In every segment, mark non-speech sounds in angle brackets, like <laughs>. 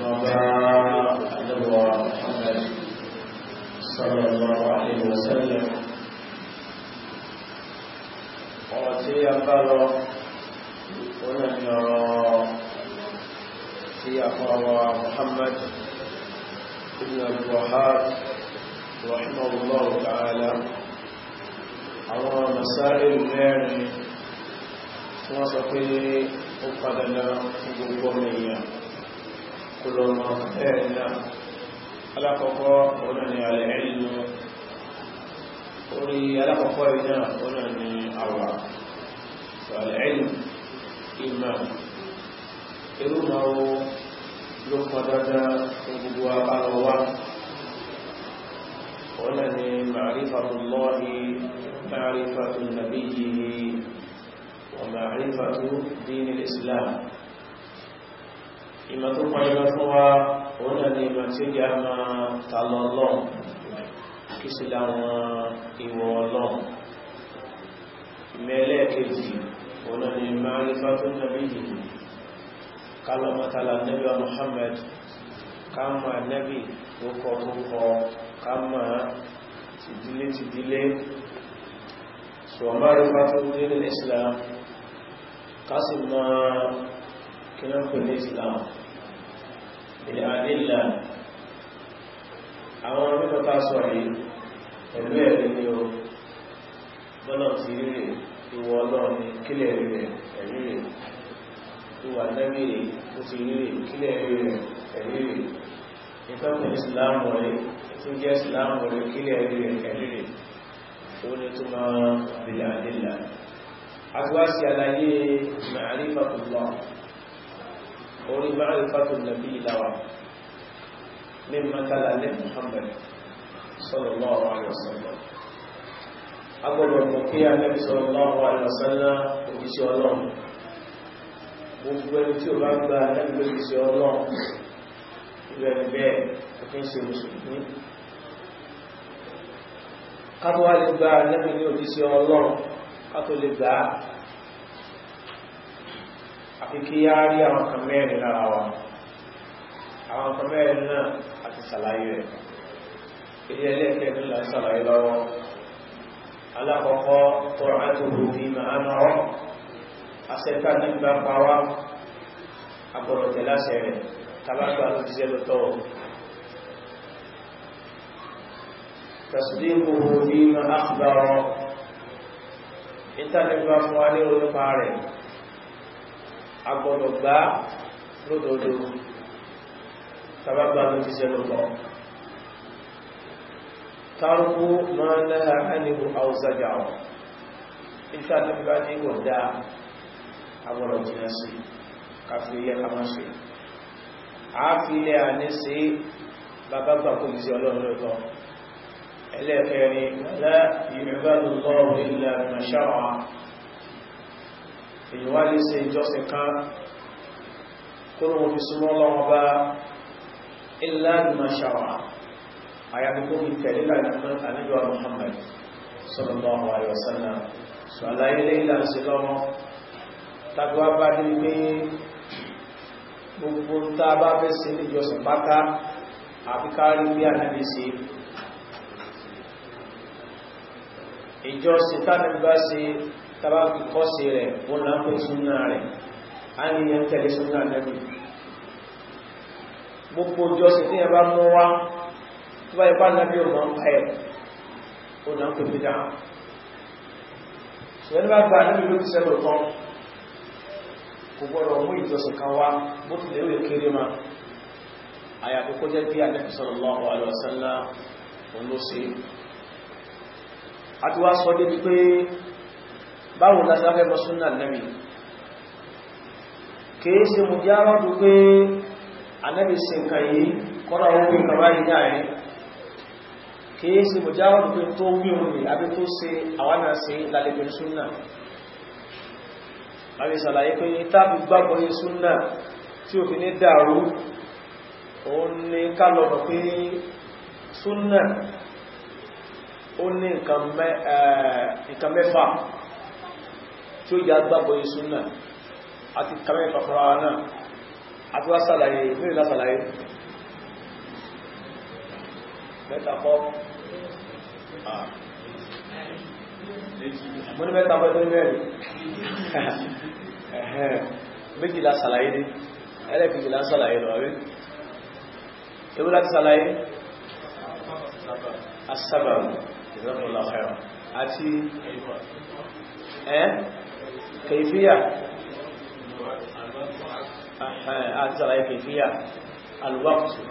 وباء نبوة محمد صلى الله عليه وسلم وتي أبرو ولن يرى تي أبرو محمد ابن الوهاب رحمه الله تعالى àwọn masáàrí mẹ́rin tí wọ́n sọ pé ó kúlọ̀mọ̀ ẹ̀ẹ̀nà alákọ̀ọ́kọ́ ọ̀nà ni alẹ́ ẹ̀yìn orí alákọ̀ọ́kọ́ ẹ̀nà ọ̀nà ni àwà alẹ́ ẹ̀yìn ìmọ̀ irú máa ló pọ̀ dáadáa fún gbogbo abálọ́wà ọ̀nà ni ma'rifatullahi ma'rifatu nabiyyihi wa ma'rifatu dinil islam ìmọ̀ tó pọ̀ ìlọ fún wa òun náà ni ìmọ̀ tí ó jẹ́ àmà tààlọ ọlọ́run kí sí láwọn ìwọ̀ ọlọ́run ìmẹ́lẹ̀ kejì òun náà ni márífà tó nàbí yìí kálọmọ́tàlá nẹ́bí wa Muhammad káàmà nẹ́bí tó kọ tó kọ káàmà tìdílé tìdílé sọ márífà Islam kásìmọ̀ kí náà pẹ̀lú Islam ìlàdílà àwọn orílẹ̀-èdè sọ yìí pẹ̀lú ẹ̀rí ni o bọ́nà ti rí rẹ̀ ìwọ̀ ọlọ́run ni kílẹ̀ rí rẹ̀ ẹ̀rí rẹ̀ ìwà lẹ́bí rẹ̀ ó ti rí rẹ̀ kílẹ̀ rí rẹ̀ ẹ̀rí rẹ̀ ìtọ́kùn ìsìláàmù rẹ̀ tún jẹ́ ìsìláàmù rẹ̀ kílẹ̀ rí rẹ̀ ẹ̀rí rẹ̀ orí ma'rifatu nàbí ìlàwà ní makala ní Muhammad sallallahu alaihi wasallam agbọ́dọ̀ mọ̀ kí a nẹ́bí sallallahu alaihi wasallam òjíṣẹ́ ọlọ́run gbogbo ẹni tí ó bá gba ẹgbẹ́ òjíṣẹ́ ọlọ́run rẹ̀ bẹ́ẹ̀ òfin ṣe mùsùlùmí kátó wá lè gba ẹgbẹ́ òjíṣẹ́ ọlọ́run kátó àfi kí á rí àwọn kan mẹ́rin lára wa àwọn kan mẹ́rin náà àti sàlàyé rẹ̀ ilé ẹlẹ́ẹ̀kẹ́ ní láti sàlàyé lọ́wọ́ alákọ̀ọ́kọ́ tó àtòrò fi máa ń rọ́ asẹ́ta nígbà pàwá agbọ̀rọ̀tẹ̀ láṣẹ rẹ̀ tàbátọ̀ àtúnṣẹ́ lọ́tọ̀ tasdiquhu bima agbọ́dọ̀ gbá lódodo tàbágbà ló ti sẹ́lọ lọ tàrùkú máa náà ánìwò àwùsájà ọ̀ ìta tó bá ní wọ̀ dá agbọ́dọ̀ jìnà sí káfí ilẹ̀ kama ṣe àáfí ilẹ̀ àní sí bàbá gbà kò jìsẹ̀ ọlọ́run lọ́tọ́ ẹlẹ́ẹ̀kẹ́rin lẹ́ ìrìnbá lọ́rùn ilẹ̀ àmàṣáwà èyí wá lè ṣe ìjọsìn kan kó ló fi súnmọ́ lọ́wọ́ bá ilá ìmọ̀ ṣàwà àyàfi kó fi tẹ̀lé lánàá àníjọ́ Muhammad sallallahu alaihi wasallam sọ aláyé lè ìlànà sí lọ́wọ́ tàbíwá bá ní pé gbogbo tá bá fẹ́ ṣe ìjọsìn pátá àfikárí bí ànábì sí ìjọsìn tánàbí bá ṣe tàbá fi kọ́sí rẹ̀ wọ́n náà pé súnà rẹ̀ a ní yẹn tẹ̀lé súnà nẹ́bí gbogbo jọsìn tí yẹn bá mọ́ wá tó bá ipá nẹ́bí ò mọ́ pa ẹ̀ ó náà pè bídá ṣùgbọ́n bá gba nẹ́bí ló ti sẹ́lò tán kò gbọ́dọ̀ mú ìjọsìn kan wá bó ti lè kéré ma àyàfi kó jẹ́ bí sallallahu alaihi wasallam òun ló ṣe a ti wá sọ débi pé báwo la sáfẹ́ bọ́ súnà nẹ́bì kìí ṣe mú já rọ́ tó pé anẹ́bì sí nǹkan yìí kọ́nà orí kàbá yìí náà rí kìí ṣe mú já rọ́ tó pé tó wí òun rí àbí tó ṣe àwọn àṣẹ lálẹ́bẹ̀ súnà àbí sàlàyé pé tábí gbàgbọ́ yìí súnà tí òfin ní dàrú òun ní ká lọ́rọ̀ pé súnà ó ní nǹkan mẹ́fà tí ó yà gbàgbọ́ yìí náà àti kàmẹ́ pàpàrà náà àti wá sàlàyé mẹ́rin lá sàlàyé mẹ́ta kọ́ mo ní mẹ́ta kọ́ tó ní mẹ́rin méjì lá sàlàyé ní ẹlẹ́kìjì lá sàlàyé lọ rí ewu láti sàlàyé asábàrù ìrọ́pùlọ̀ àti ẹ́ kèfíyà àti sàlàyé kèfíyà alwaktu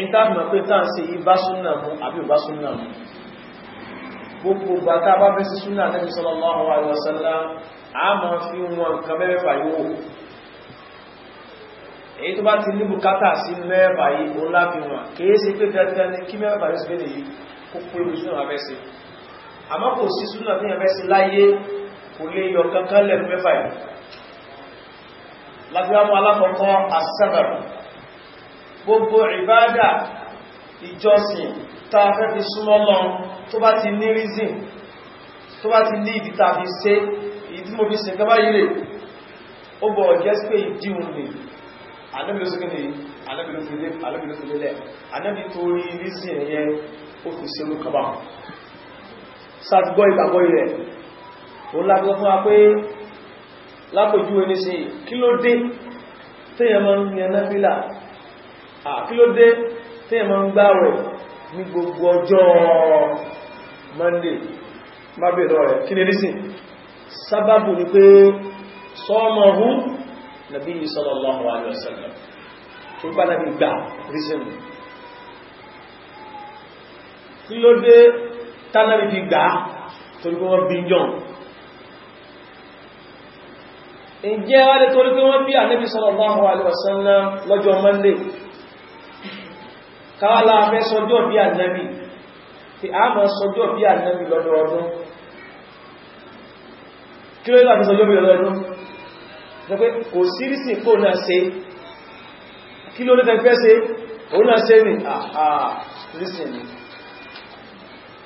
in ta mọ̀ pé tán sí ibá súnnà mú àbí ìbá súnnà mú gbogbo bá ká bá fẹ́ sí súnnà Nabi sallallahu alaihi wasallam a máa fi wọn nǹkan mẹ́fà yóò èyí tó bá ti ní bùkátà sí mẹ́fà yìí ó láfi wọn kìí sí pé dandan ní kí mẹ́fà yóò sí pé nìyí kó pé ìbùsùn àfẹ́sí àmọ́ kò sí súnà ní ẹ̀fẹ́ sí láyé kò lè yọ kankan lẹ́nu mẹ́fà yìí lábíwámọ́ alákọ̀ọ́kọ́ asabar gbogbo ìbádà ìjọsìn ta fẹ́ fi súnmọ́ lọ́n tó bá ti ní fi sin gaba yìí ó bọ̀ jẹ́ sí pé ìdíhun ni anábìlú sí kíni anábìlú fi lélẹ̀ anábìlú torí rízìn yẹn ó fi ṣe sàtìgbọ́ ìgbàgbọ́ rẹ̀ ó lágbọ́ fún wa pé lápòjú ẹni sí kí ló dé téèyàn máa ń yan náfílà kí ló dé téèyàn máa ń gbààwẹ̀ ní gbogbo ọjọ́ monday mábẹ̀lọ rẹ̀ kí lè rísìn sábàbù ni pé sọ́mọ̀hú nàbí sallallahu alaihi wasallam tó bá nàbí gbà rísìn kí ló dé tánàbí fi gbà torí pé wọ́n bí jọun ìjẹ́ wá lè torí pé wọ́n bí ànábì sallallahu alaihi wasallam lọ́jọ́ Monday káwàlá fẹ́ sọjọ́ bí ànábì tí a mọ́ sọjọ́ bí ànábì lọ́dọọdún kí ló láti sọjọ́ bí lọ́dọọdún pé kò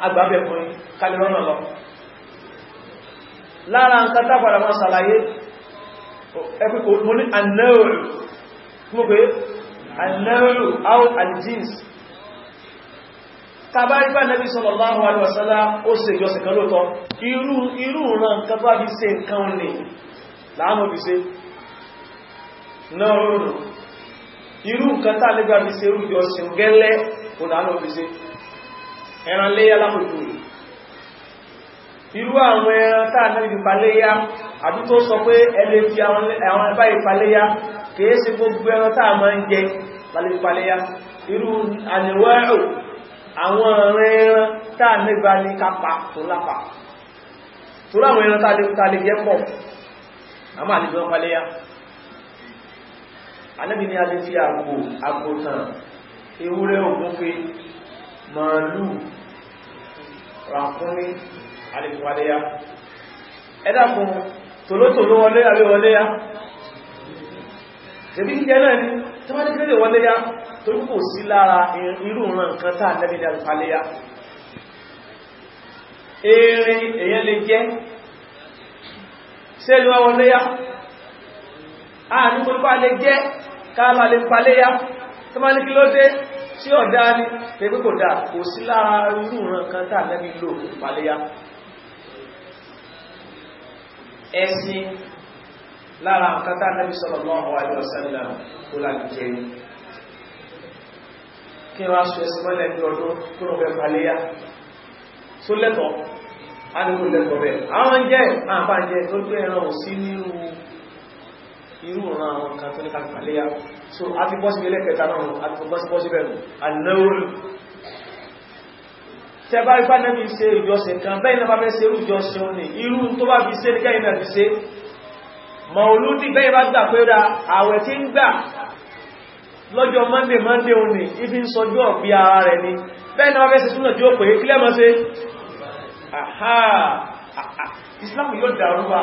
agbábẹ̀ fún kalibama lọ lára ń tàtà padà wọn sàlàyé ẹkùkù mú ní annáwòrò mú pé annáwòrò out aljins tàbá ipá nẹ́bí sallallahu alaihi wasallam ó se jọ sẹ̀kan lóòtọ́ irú ràn se nǹkan ní láàmù bí se náà rọrùn irú nǹkan se kò láàmù se ẹran léyá lápòjú rẹ̀ irú àwọn ẹran táà náà ibi paléyá àbí tó sọ pé ẹlẹ́ fi àwọn ẹbá ìpaléyá kìí sí gbogbo ẹran táà máa ń jẹ lálẹ́ ìpaléyá irú àníwẹ́rò àwọn ẹran táà nígbà ní kápa tó lápa tó láwọn ẹran táà lè jẹ́ pọ̀ àmà àlejò paléyá alẹ́bí ni a lè fi àgbò àgbò tàn ewúrẹ́ ògúnfe màálù ràǹfúnmí àlèkùnwàléyá ẹ̀dàkùn tòlótòló wọlé àrí wọléyá tẹ̀bí jẹ́ náà ni tó bá dékẹ́lẹ̀ wọléyá tó kò sí lára irú ràn kan tàà lẹ́bìnrin àlèkùnwàléyá eré èyàn lè jẹ́ sẹ́lú wọléyá àà ní kò lè jẹ́ káàlà lè paléyá tó bá ní kí tí ọ̀dá ní pẹ̀lú kò dáa kò sí lára irú ìran kan tà lẹ́bí lò paléyá ẹ̀sìn lára nǹkan tà lẹ́bí sallallahu alaihi wasallam kó láti jẹ́ ní kí wọ́n aṣọ ẹ̀sìn mọ́lẹ̀ ní ọdún tó rọ̀ bẹ́ẹ̀ paléyá tó lẹ́tọ̀ọ́ á ní kò irú ọ̀rọ̀ àwọn kan tó ní kàkàléyà so a ti bọ́sí ilé kẹta náà a ti bọ́sí bọ́sí bẹ̀rù anáwòrì tẹ bá ipá nẹ́bí ṣe ìjọsìn kan bẹ́ẹ̀ náà bá fẹ́ ṣe irú ìjọsìn ní irú tó bá fi ṣe ní kẹ́yìn náà fi ṣe mọ̀lúdì bẹ́ẹ̀ bá gbà pé ra àwẹ̀ tí ń gbà lọ́jọ́ monday monday òní ibi ń sọjọ́ ọ̀bí ara rẹ̀ ni bẹ́ẹ̀ náà fẹ́ ṣe súnà tí ó pè é aha islam yóò dàrú wa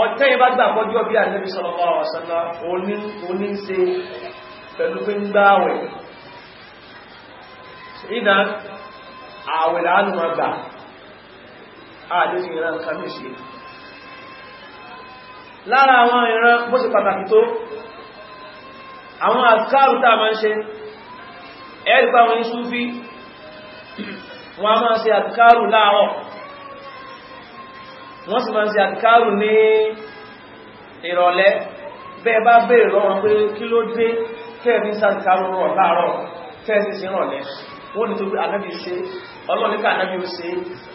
ọ̀tẹ́ yẹn bá gbà kọjọ́ bí Ànábì sallallahu alaihi wasallam oní ń ṣe pẹ̀lú pé ń gbá àwẹ̀ ìdá àwẹ̀ láàánú ma gbà àdéjì ìran kàmí sí lára àwọn ìran bó ṣe pàtàkì tó àwọn àkárù tàà ń ṣe ẹ̀rì wọn ní Súfí wọn a máa ṣe àkárù láàárọ̀ wọ́n sì máa ń ṣe àdìkárù ní ìrọ̀lẹ́ bẹ́ẹ̀ bá bèèrè lọ́wọ́ pé kí ló dé tẹ́ẹ̀mí sàdìkárù rọ̀ láàárọ̀ tẹ́ẹ̀sì sí rọ̀lẹ́ wọ́n ni tó bí anábi ṣe ọlọ́nìká anábi ó ṣe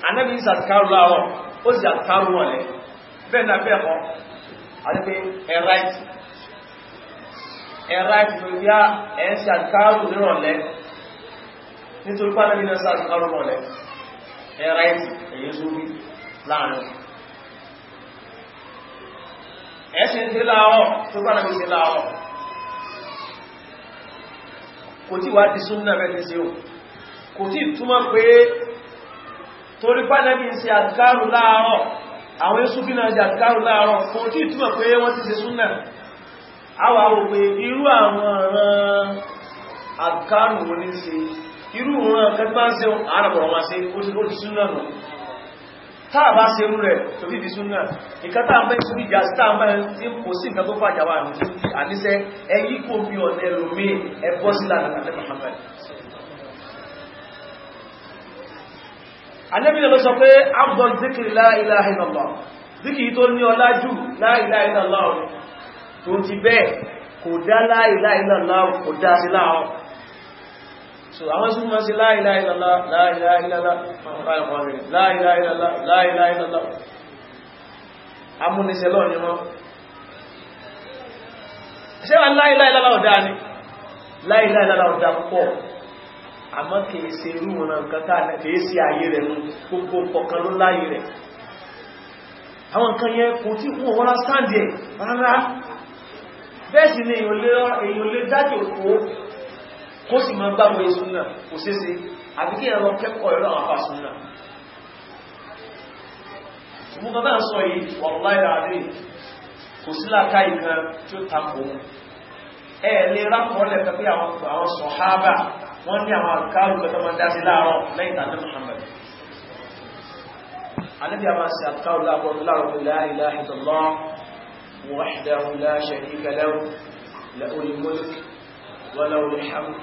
anábi ń sàdìkárù láàárọ̀ ó sì àdìkárù rọ̀lẹ́ bẹ́ẹ̀ náà bẹ́ẹ̀ kọ́ àti pé ẹ̀rá ìtì ẹ̀rá ìtì ló yá ẹ̀ ń ṣe àdìkárù nírọ̀lẹ́ nítorí pé anábi náà sàdìkárù rọ̀lẹ́ ẹ̀ṣin sí láàrọ̀ tó gbá nàbí sí láàrọ̀ kò tí wà di súnnà mẹ́fẹ́ sí o kò tí túnmọ́ pé torí bá nàbí sí àdìkárù láàrọ̀ àwọn Súfí náà jẹ́ àdìkárù láàrọ̀ kò tí túnmọ́ pé wọ́n ti sí irú táà bá ṣe rú rẹ̀ tó bí ìsúnnà ìkan táà bá ìsúnnà ìjà sí táà bá tí kò sí nǹkan tó fàjà wà ní tún fi àníṣẹ́ ẹyí kò fi ọ̀nà ẹlòmí ẹbọ́ sí lánàá abdul zikri la ilaha illallah zikri tó ní ọlá jù la ilaha illallah tó ti bẹ́ẹ̀ kò dá la ilaha illallah so àwọn sí máa sí la ilaha illallah la ilaha illallah la ilaha illallah la ilaha illallah amúnisẹ́ lọ́ọ̀ ni wọ́n ṣé wà la ilaha illallah ọ̀dá ni la ilaha illallah ọ̀dá pọ̀ àmọ́ kìí ṣe irú wọn nǹkan táà kìí ṣe ayé rẹ̀ mú gbogbo ọ̀kan ló láyé rẹ̀ àwọn nǹkan yẹn kò tí wọ́n wọ́n sáàdì ẹ̀ rárá bẹ́ẹ̀ sì ni èyàn lé dájò kó kó sì máa gbàgbọ́ yé súnà kò ṣeéṣe àbí kí ẹ̀rọ kẹ́kọ̀ọ́ ẹ̀rọ àwọn afá súnà mú bàbá ń sọ yìí wàláì láàrin kò sí láàká ìkan tí ó tapò ẹ lè rákọọ́lẹ̀ pẹ̀lú àwọn sọ̀hábà wọ́n ní àwọn àkárù pẹ̀lú ọmọ dá sí láàárọ̀ lẹ́yìn tàbí Muhammad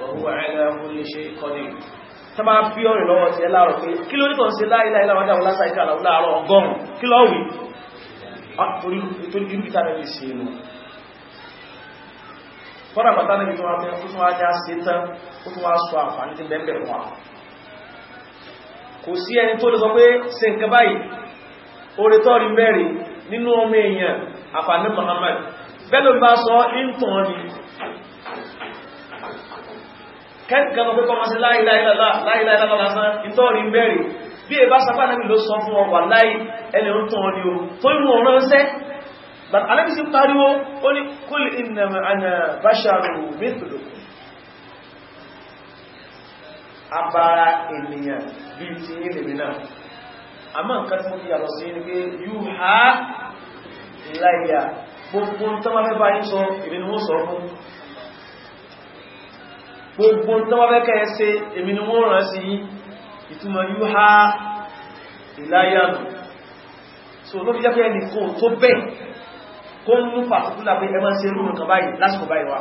وهو على كل شيء قدير tọ́bá bí ọ̀rìn lọ́wọ́ ti ẹláàrọ̀ pé kí ló nítọ̀ sí láìláì láwọ́dá wọn lásà ìkà àwọn láàrọ̀ ọgọ́rùn kí lọ wí torí jù bí tàbí sí inú fọ́nà bàtà níbi tó wá mẹ́ ó tún wá já sí tán ó tún wá sọ mẹ́rin nínú ọmọ èèyàn àfààní Muhammad bẹ́ẹ̀ bá sọ ìntàn ni kẹ́kẹ́ mọ́ pẹ́kọ́ máa sí láìláìlá lásán ìtọ́rin bẹ̀rẹ̀ bí i bá sápá náà ló sọ fún ọwà láì ẹlẹ̀ ń tàn ní o tó inú ọ̀rọ̀ ṣẹ́ alẹ́bí sí pariwo ó ní kúl innama ana basharu mithlu abara ènìyàn bí i ti yí lèmi náà a máa nǹkan tí mo fi yàtọ̀ sí ní pé yóò ha láìyà gbogbo tó máa fẹ́ bá yí sọ ìrìnwó sọ fún gbogbo tọ́wọ́fẹ́kẹ́ ẹsẹ èmi ni wọ́n rán sí ìtumọ̀ yíó ha ìláyàmù so ló fi jẹ́ pé ẹni kò tó bẹ́ kó ń mú pàtíkúlà pé ẹmọ́ sí irú nǹkan báyìí lásìkò báyìí wá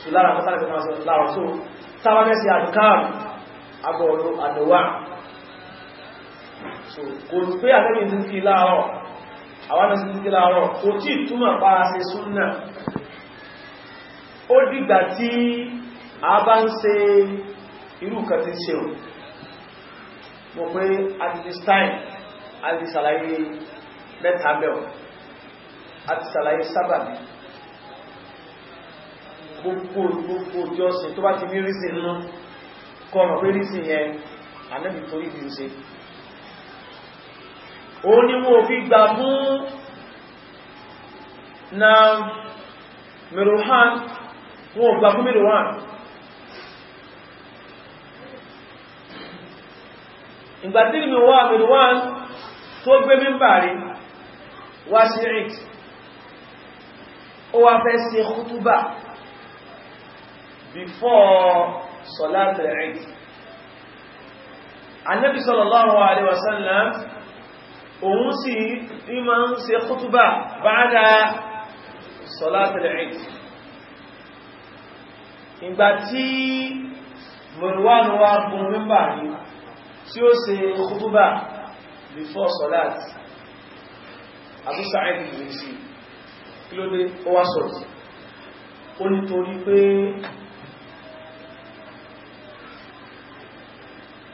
so lára mọ́sánàkọ́ so tàwọ́fẹ́sẹ̀ àdùkàm agbọ̀ọ̀lọ́ àdọ̀wà so kò pé àtẹ́yìn ti fi láàárọ̀ àwọn ẹ̀sìn ti fi láàárọ̀ kò tí ìtumọ̀ pa ṣe súnnà ó dìgbà tí a bá ń ṣe irú kan tí ṣe mọ̀ pé at this time mẹ́ta mẹ́wọ̀ a sábàbí gbogbo gbogbo ìjọsìn tó bá ti ní rísì nínú kọ́ pé rísì yẹn ànẹ́bì fi na Mirhan wọ́n gbà fún ìgbà tí mi wá àmìrì wá tó gbé mímbà rí wá sí rít ó wá fẹ́ sí kútúbà before salat rít annabi sallallahu alaihi wasallam òun sì ní ma ń ṣe kútúbà ba'da salat rít ìgbà tí mọ̀lúwà ní wá gùn mímbà rí tí ó ṣe kútúbà before solat Abu Sa'id al-Khudri kí ló dé ó wá sọ̀rọ̀ ó nítorí pé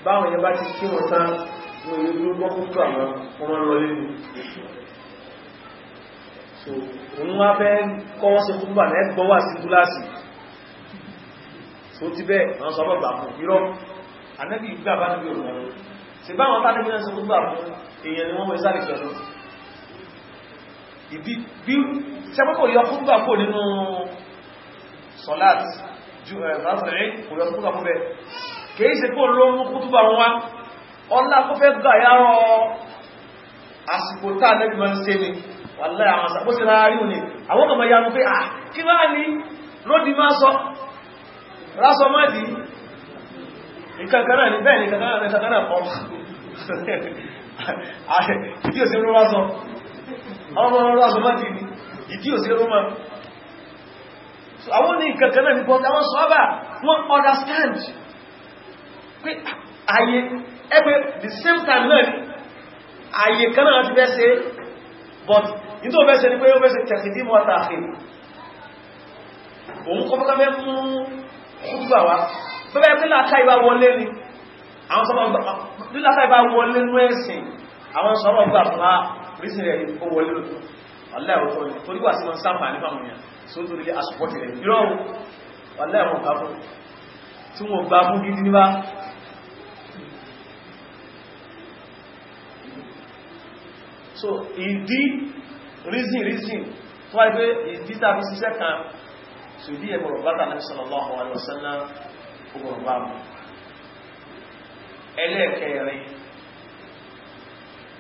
báwọn èèyàn bá ti kí wọn tán wọn èèyàn ló gbọ́ kútù àwọn ọmọ lọ lẹ́nu so òun wá fẹ́ kọ́ ṣe kútúbà lẹ́gbọ́wà sí túláàsì tó ti bẹ́ẹ̀ ànábì gbà bá níbi òun ẹ̀rọ sì bá wọn tánàbí náà sọ gbogbo àwọn èèyàn ni wọ́n mọ̀ sáré sọ náà ìbí bí sẹ́pọ̀pọ̀ yọ fún gbà kò nínú sọ́láàt ju ẹ̀rọ̀sọ̀rẹ́ kò yọ fún gbà fún bẹ́ kìí ṣe kó ló mú kútúbà wọn wá ọlá kó fẹ́ gbà yárọ àsìkò tá ànábì máa ń ṣe ni wàlẹ́ àwọn àsàkó sí rárá ríò ni àwọn kọ̀mọ̀ yanu pé à ah, kí wá ní nǹkan kan náà ní bẹ́ẹ̀ ní nǹkan kan náà pọ̀ <laughs> ìdí òsì rọ́rọ́ sọ ọmọ rọ́rọ́ sọ mọ́ ti ní ìdí òsì rọ́mọ́ àwọn ní nǹkan kan náà ní pọ̀tí àwọn sọ́bà wọ́n understand pé ayé ẹgbẹ́ the same time náà ayé kan náà ti bẹ́ẹ̀ but nítò bẹ́ẹ̀ ṣe ní pé ó bẹ́ẹ̀ ṣe tẹ̀sí bí mọ́ta àfihàn òun kọ́ tó bẹ́ẹ̀ pé láàká ìbá wọlé ní àwọn sọmọ́ láàká ìbá wọlé ní ẹ̀sìn àwọn sọmọ́ gbà fún rísìn rẹ̀ ó wọlé lòtò aláìwòtò rẹ̀ torí wà sí wọn sáàmà nípa wọn yà só torí lé asùpọ̀tì rẹ̀ ìrọ̀ aláìwọ̀n ká fún tí wọ́n gbà mú gidi níbá so ìdí rísìn rísìn tó wáyé pé ìdí tàbí ṣiṣẹ́ kan sùdí ẹ̀mọ̀rọ̀ bátà náà sallallahu alaihi wasallam gbogbo bá mu ẹlẹ́ẹ̀kẹrin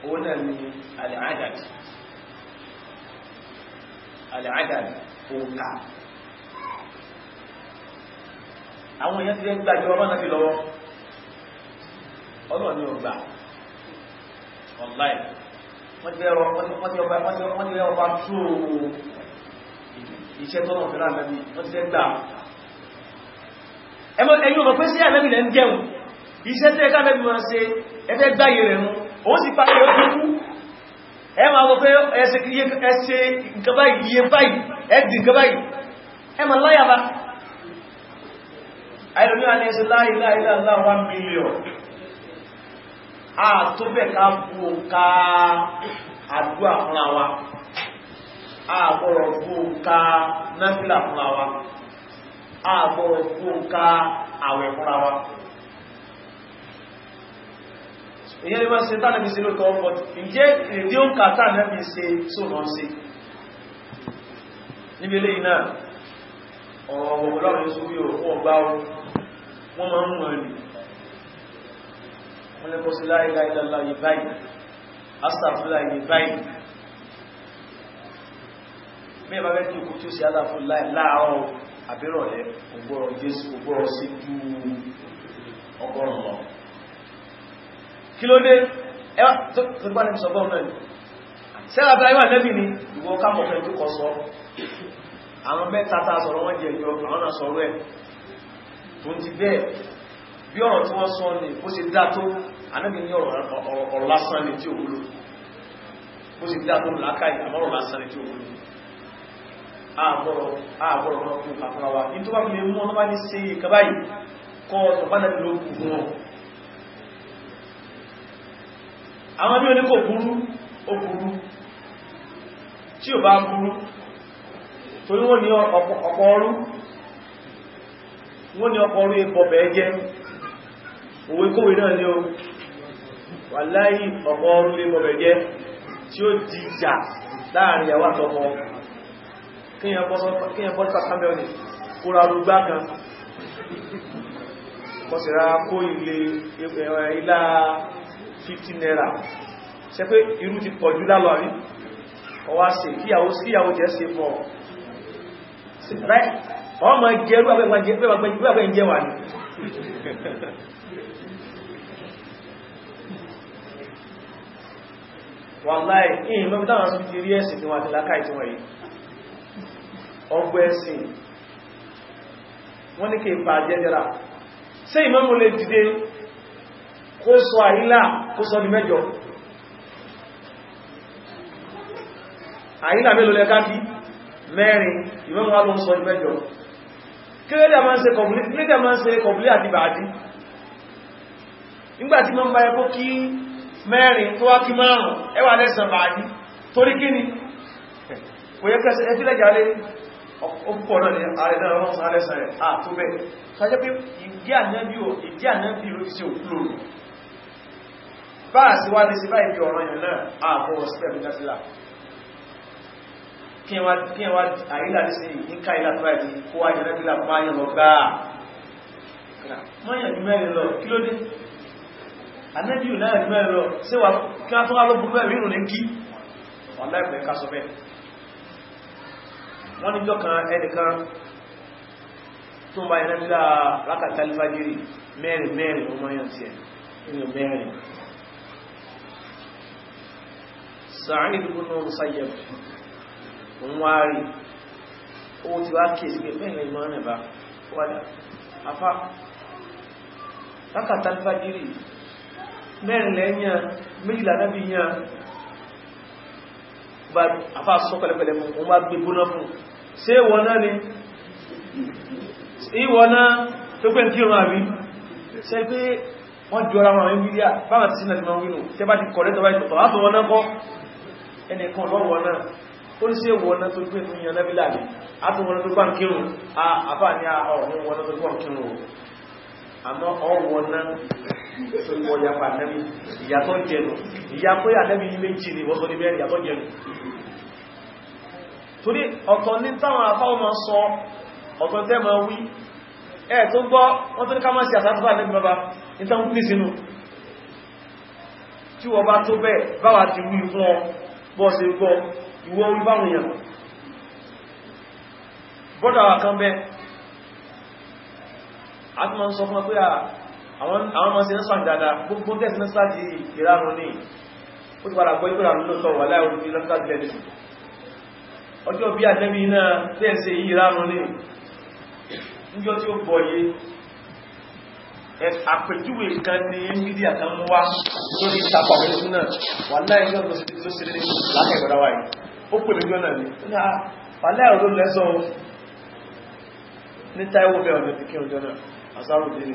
òun náà ni àlẹ́àdàdì àlẹ́àdàdì òǹkà àwọn èèyàn ti ń gbàjọ ọmọ náà fi lọ́wọ́ ọlọ́ọ̀ ni ọgbà ọ̀láì wọ́n ti rọ wọ́n ti ọba wọ́n ti tó iṣẹ́ tọ́nà fẹ́ràn náà wọ́n ti fẹ́ gbà ẹ̀yìn ọmọ pé sí ànábì lẹ́ ń jẹun iṣẹ́ tẹ́ ẹ̀ká ànábì máa ṣe ẹgbẹ́ gbáyé rẹ̀ mú òun sì parí ọdún kú ẹ máa wọ pé ẹsẹ̀ nǹkan báyìí iye báyìí ẹ̀dì nǹkan báyìí ẹ máa láyà bá million àtúbẹ̀ ká bu òǹkà àdúrà fúnra wa àbọ̀rọ̀ bu àgbọ̀rọ̀ tí ó ká àwẹ̀ fúnra wa èyàn lè máa ṣe tánàbí sí ló tọ́ but ǹjẹ́ ìrìndí ó ń ká tánàbí ṣe sónà sí níbi ilé iná ọ̀rọ̀ ọ̀rọ̀ ìṣúbí òkú ọgbá wọn máa ń wọ̀n rí wọ́n lè kọ́ àbírọ̀lẹ́ ògbọ́rọ̀ jésù ògbọ́rọ̀ sí ju ọgọ́rùn lọ kí ló dé ẹwà tó gbá ní sọgbọ́n náà sẹ́lá bí àríwá nẹ́bì ni ìwọ kápọ̀ pẹ̀lú kọ sọ àwọn mẹ́ta ta sọ̀rọ̀ wọ́n jẹ ìjọ àwọn àsọ̀rọ̀ ẹ̀ tó ti bẹ́ẹ̀ bí ọ̀rọ̀ tí wọ́n sọ ní ó sì dá tó anẹ́bì ní ọ̀rọ̀ lásán ní tí òwúlò ó sì dá tó àgbọ̀rọ̀ ọmọ fún àpá wa ní tó bá fi lè mú ọmọ ní sí ìkàbáyì kọ́ ọ̀pánàbí ló kù fún wọn àwọn bí oníkò burú ó burú tí ò bá burú wọ́n ní ọ̀pọ̀ ọrú wọ́n ní ọ̀pọ̀ ọrú bẹ̀ẹ́ jẹ́ òwe náà ni ó wà kíyàn bọ́ sàkàmẹ́ ọ̀nì kúra rúgbá kan kọsìrá kó ilé ilá 50 naira ṣe pé irú ti pọ̀jú lálọ́ rí ọwá sí kíyàwó síyàwó jẹ́ sí fọ́ ọmọ jẹ́rú agbẹ́gbẹ́ jẹ́ wà ní wàláì ìyìn mẹ́bí táwọn sí ti rí ẹ̀sìn tí wọ́n ti lákàí tí wọ́n yìí ọgbọ́ ẹ̀sìn wọ́n ní kí ipa jẹ́jẹ́ra ṣe ìmọ́mù lè dìde kó sọ àílà kó sọ ní mẹ́jọ àílà mélòó lẹ́ká kí mẹ́rin ìmọ́mù wá ló ń sọ ní mẹ́jọ kí lẹ́dẹ̀ máa ń ṣe kọ̀bùlé àti bàájí nígbàtí mọ́ ń bá ẹkó kí mẹ́rin tó wá kí márùn-ún ẹwà lẹ́sàn bàájí torí kí ni kò yẹ kẹsẹ̀ ẹfílẹ̀ jàlé ọ̀pọ̀ náà ni ààrẹ náà wọ́n sáré sáré àtó bẹ́ẹ̀ sáré pé ìdí ànábì ò ìdí ànábì ló ti ṣe òkúrò bá a sí wá ní sí bá ibi ọ̀rọ̀ yẹn náà àbọ̀ ọ̀sẹ̀ mi lásìlá kí ẹ wá àyílà ní sí ìka ìlà tó báyìí kó wá yẹn lábílà bá yẹn lọ gbá mọ́yàn ní mẹ́rin lọ kí ló dé ànábì ò náà ní mẹ́rin lọ sí wa kí wá tó wá ló wọ́n ní jọ́kan ẹnìkan tó bá iná nílá rákàtà lífàjírí mẹ́rin mẹ́rin ọmọ yàn tí ẹ̀ inú mẹ́rin sàárì dúkú náà sáyẹ̀ òun wá rí owó tí wá kí èsì pé mẹ́rin mọ́ rẹ̀ bá wádà afá rákàtà lífàjírí mẹ́rin lẹ́yìn méjìlá náà bí yàn bá afá sọ pẹ̀lẹ̀pẹ̀lẹ̀ fún wọn bá gbé gbóná fún ṣe wọn náà ni ìwọ̀n náà tó pẹ́ kí ìrùn àrí ṣe pé wọ́n jọra wọn àwọn ìwíyà báwọn ti sínà ìmọ̀ wínú tẹ́ bá ti kọ̀rẹ́ tọ́wà ìtọ̀tọ̀ látọ̀ wọn náà kọ́ ẹnìkan lọ́wọ́ náà ó ní ṣe wọn náà tó gbé fún yan lábílà ní àtúnwọn tó gbá ń kírun àfáà ní àwọn wọn tó gbá ń kírun àmọ́ ọwọ́ náà ìwọ ìyapa àtẹ́bí ìyàtọ̀ jẹnu ìyàpọ̀ àtẹ́bí ilé jì ní ìwọ́sọ́ níbẹ̀ ìyàtọ̀ jẹnu torí ọ̀tọ̀ ní táwọn afáwọn máa sọ ọ̀tọ̀ tẹ́ máa wí ẹ̀ tó gbọ́ wọ́n tó ní ká máa ṣe àsátúbà àtẹ́bí bàbá ní táwọn pín sínú tí wọ́n bá tó bẹ́ẹ̀ báwa ti wí fún ọ bọ́ sí ìwọ orí báwọn èèyàn bọ́dà wà kan bẹ́ẹ̀ a ti máa ń fún ọ pé àwọn ọmọ sí nọ́sàn dáadáa gbogbo tẹ́sí nọ́sàn di ìrarun ní ó ti padà gbọ́ ìpínlẹ̀ àrùn lóòtọ́ wà láì orí nọ́sàn lẹ́nu ọjọ́ bí àtẹ́bí náà tẹ́ẹ̀sẹ̀ yìí ìrarun ní níjọ́ tí ó gbọ́ yé àpèjúwe kan ní mídí àtàmú wá lórí ìtàpà pẹ̀lú náà wà láì ní ọ̀nà sí ló sílé láti ìgbàdá wáyé ó pè mí gbọ́nà ní wà láì ọ̀rọ̀ lẹ́sọ̀ ní táíwò bẹ́ẹ̀ ọ̀nà ìpínlẹ̀ ọjọ́ náà àsáró dé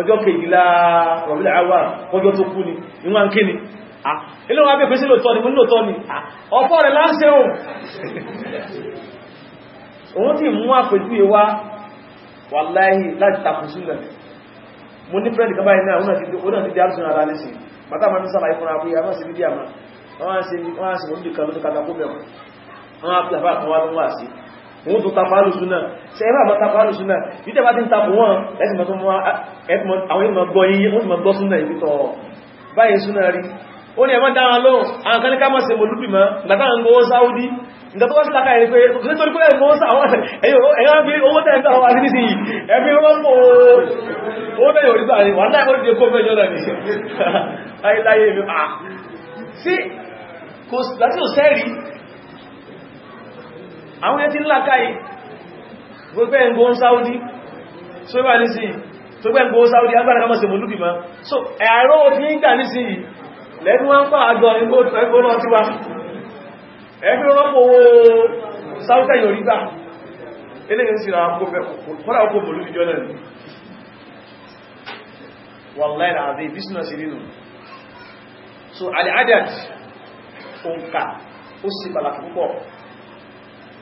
ọjọ́ kejìlá rọ̀bílẹ̀ àwà ọjọ́ tó kú ni ìwọ̀n kí ni ilé wọn abẹ́fẹ́ sí lòtọ́ ni mú lòtọ́ ni ọ̀pọ̀ rẹ̀ láṣẹ́ ohun <laughs> òun tí mú àpẹjú ìwá wàláhì láti takù sílẹ̀ mo ní fẹ́ẹ̀dì ti di àrùsùn ara lẹ́sì bàtà ma ń sára ìfún àpò ìyá máa sí fídíà máa wọ́n á sí wọ́n á sí wọ́n á sí wọ́n á sí wọ́n á sí wọ́n á sí wọ́n á sí wọ́n á sí wọ́n tó tapá lùsúnà ṣe ẹ̀rọ àmọ́ tapá lùsúnà yìí tẹ́bá tí ń tapò wọ́n ẹ̀sìnmọ̀ tó wọ́n àwọn ìmọ̀ gbọ́ yìí wọ́n sì mọ̀ gbọ́ súnà ìbí tọ́ báyìí súnà rí ó ní ẹ̀mọ́ dáwọn lóhùn àwọn kan ní ká mọ́ ṣe mọ̀lúbì mọ́ gbàtà ń gbówó sáúdí ìgbà tó wá sí lákà ẹni pé nítorí pé ẹ̀kọ́ ó sàwọn ẹ̀yọ́ bí owó tẹ́ ẹ̀ta wà níbi sí ẹ̀bí wọ́n mọ̀ owó tẹ́ yóò rí bá rí wà náà ó dìde kó fẹ́ jọ́nà ní <laughs> láyé láyé mi à ah. sí kò sí àwọn yẹn ti ń làkáyé gbogbo ẹ̀gbọ́ sáúdí so ẹgbà ní sí tó gbẹ́gbọ́ sáúdí agbára kama se mọ̀lúbì ma so ẹ̀rọ ti ń gbà ní sí lẹ́nu wọ́n pà àjọ ẹgbọ́nà tí wá ẹgbẹ́ rọ́pọ̀ owó sáúdá yóò rí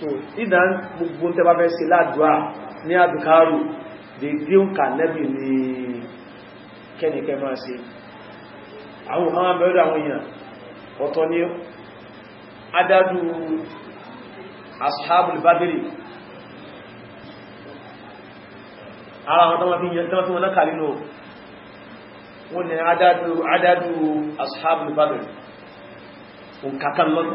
so idan gbogbo tẹ́ bá fẹ́ ṣe ládùá ní àdùkárù dèdè òǹkà nẹ́bì ní kẹ́nìkẹ́ máa ṣe àwọn àwọn abẹ́rẹ́ àwọn èèyàn ọ̀tọ̀ ni adádù ashabul badiri ara àwọn tọ́wọ́ fi yẹn tọ́wọ́ náà kàrí lò wọ́n ni adádù ashabul badiri òǹkà kan lọ́nà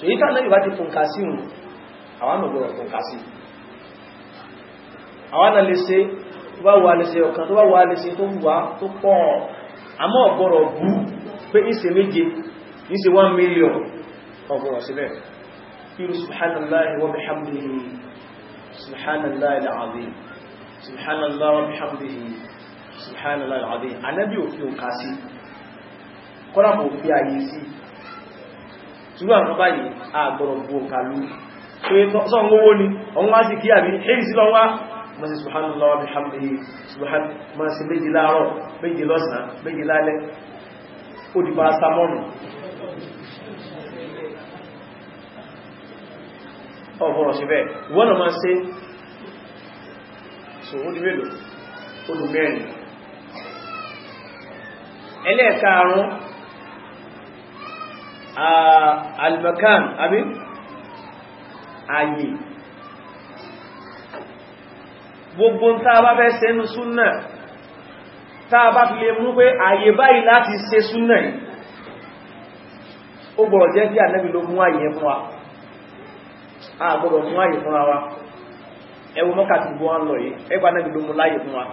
so yíká náà bá ti fúnka sí rùn àwọn náà gbọ́rọ̀ fúnka sí àwọn náà lè ṣe tó bá wà lè ṣe ọ̀kan tó bá wà lè ṣe tó wà tó pọ̀ àmọ́ ọ̀gbọ́rọ̀ bú pé ìṣe méje ìṣe 1 million ọ̀gbọ́rọ̀ sílẹ̀ irú subhanallahi wa bihamdihi subhanallahi al-azim subhanallahi wa bihamdihi subhanallahi al-azim ànábì òfin òkà sí kọ́nà kò fi àyè sí ṣùgbọ́n àwọn báyìí àgbọ̀rọ̀ bú kàlú sọ owó ni ọmọ wá sí kí àbí èyí sí lọ́wọ́ mọ́sí subhanallah bihamdihi subhan mọ́sí méjì láàárọ̀ méjì lọ́sàn méjì lálẹ́ ó di paracetamolu ọ̀fọ́rọ̀ sí bẹ́ẹ̀ wọ́n máa ṣe so ó di mélòó ó di mẹ́rin almakan àbí ayé gbogbo tá a bá fẹ́ sẹ́nu súnnà tá a bá fi lè mú pé ayé báyìí láti ṣe súnnà yìí ó gbọ́rọ̀ jẹ́ kí ànẹ́bì ló mú àyè fún wa a gbọ́rọ̀ mú àyè fún wa ẹwọ mọ́kàtí gbọ́ ń lọ yìí ẹgbà ànẹ́bì ló mú láyè fún wa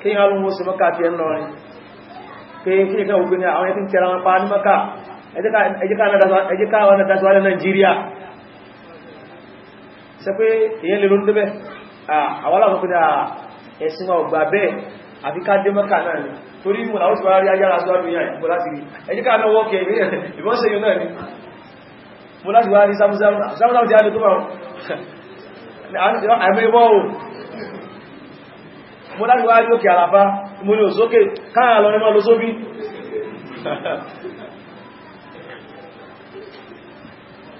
kí yíò alóhun ó sì mọ́kàtí ẹ̀ ń lọrin pé kí ẹ̀kẹ́ ògbé ní àwọn ẹ̀tí ń tẹ́ra wọn pa ní mọ́kà ẹjẹ́ káwọn náà dáṣọ́ alẹ́ Nàìjíríà ṣe pé èyàn lè lórí débẹ̀ àwọn aláwọ̀ pẹ̀lú ẹ̀sìn wọn ọgbà bẹ́ẹ̀ àfi ká dé mọ́kà náà ni torí mú àwọn ìsìnkú ayára sọ́rọ̀ ìyá ìpò láti rí ẹjẹ́ káwọn náà wọ́kẹ̀ ni mo láti wá rí sámúsámú ti á lè tó bá wọn mo láti wá rí òkè àlàfá mo ní òsókè káà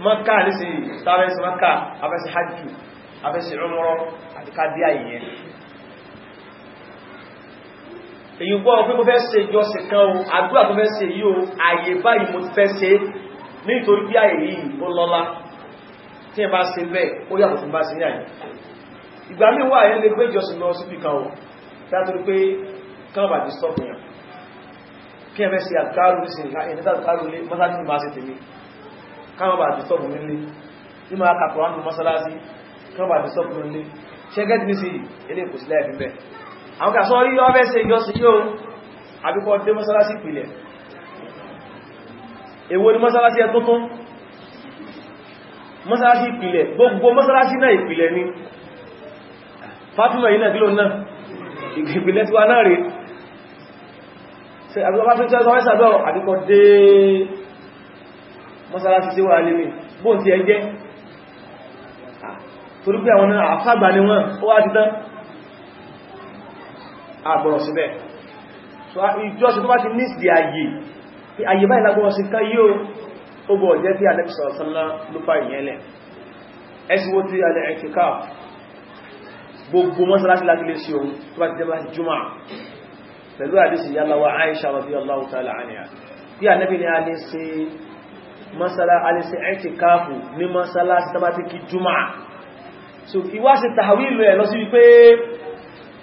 maka nísì tàbẹ́sì maka abẹ́sì hajjú abẹ́sì umrah àti kádíà ìyẹn èyí gbọ́ pé mo fẹ́ ṣe ìjọsìn kan o àdúrà mo fẹ́ ṣe yìí o àyè báyìí mo fẹ́ ṣe nítorí bí àyè yìí ó lọ́lá tí ẹ bá ṣe bẹ́ẹ̀ ó yàtọ̀ fún bá ṣe ní àyè ìgbà míì wà ayé lè gbé ìjọsìn lọ síbi kan o dátorí pé kan bà ti stop kí ẹ fẹ́ ṣe àkárò nísìnyí ẹni tá káwọn bá ti sọ́bù nílé ní máa kàkọ̀ wọn ní mọ́sálásí káwọn bá ti sọ́bù nílé ṣẹ́gẹ́dì ní sí ilé kò sílẹ̀ ìfẹ́ àwọn kà sọ rí ọfẹ́ ṣe ìjọsìn yóò àbíkọ́ dé mọ́sálásí pìlẹ̀ èwo ni mọ́sálásí ẹ tuntun mọ́sálásí ìpìlẹ̀ gbogbo mọ́sálásí náà ìpìlẹ̀ ni Fatima yìí náà kí ló náà ìpìlẹ̀ tí wá náà rèé mọ́sálásí tí wà alìmì bóò ti ẹjẹ́ torí pé àwọn àfàgbà ni wọ́n ó wá ti tán àbọ̀rọ̀ síbẹ̀ ìjọsìn tó bá ti ní sí ayé tí ayé báyìí lágbọ́n sí ká yíò ó bọ̀ jẹ́ tí alẹ́ sọ̀rọ̀sánlá ló fà ìyẹnlẹ̀ ẹsìwó tí alẹ́ ẹ̀kíká gbogbo mọ́sálásí láti lè ṣe ohun tó bá ti jẹba masala alẹ́sẹ̀ ẹ̀tì káàkù ní masala sábàtíkì juma, so ìwá sí tàwí ìlú ẹ̀ lọ sí wípé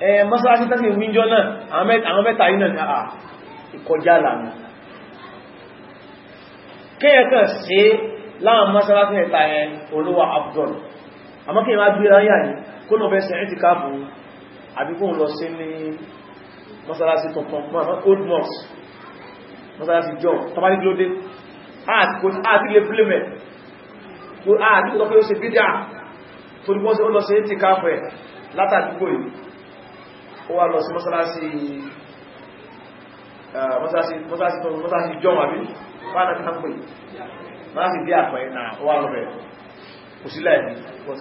ẹ masala sí tàbí wíjọ náà àwọn mẹ́ta iná ní àà ìkọjá lànà kéèkàn sí láwọn masala sí ẹ̀ta ẹ̀ olówà abdul àmọ́ kí wọ́n gbéra yà ní kó lọ bẹ́ sẹ̀ẹ́tì káàkù àbíkún lọ sí ní masala sí tuntun old mosque masala sí john tàbí glóde àti lè fílẹ̀mẹ̀ àti lọ pé ó ṣe bídá tó ní wọ́n lọ sí ti káfẹ́ látàdúgbò yìí ó wà lọ sí mọ́sálásí jọun àbí fánà kápẹ́ mọ́sálásí bí àpẹ́ náà ó wà lọ bẹ̀ kò sílẹ̀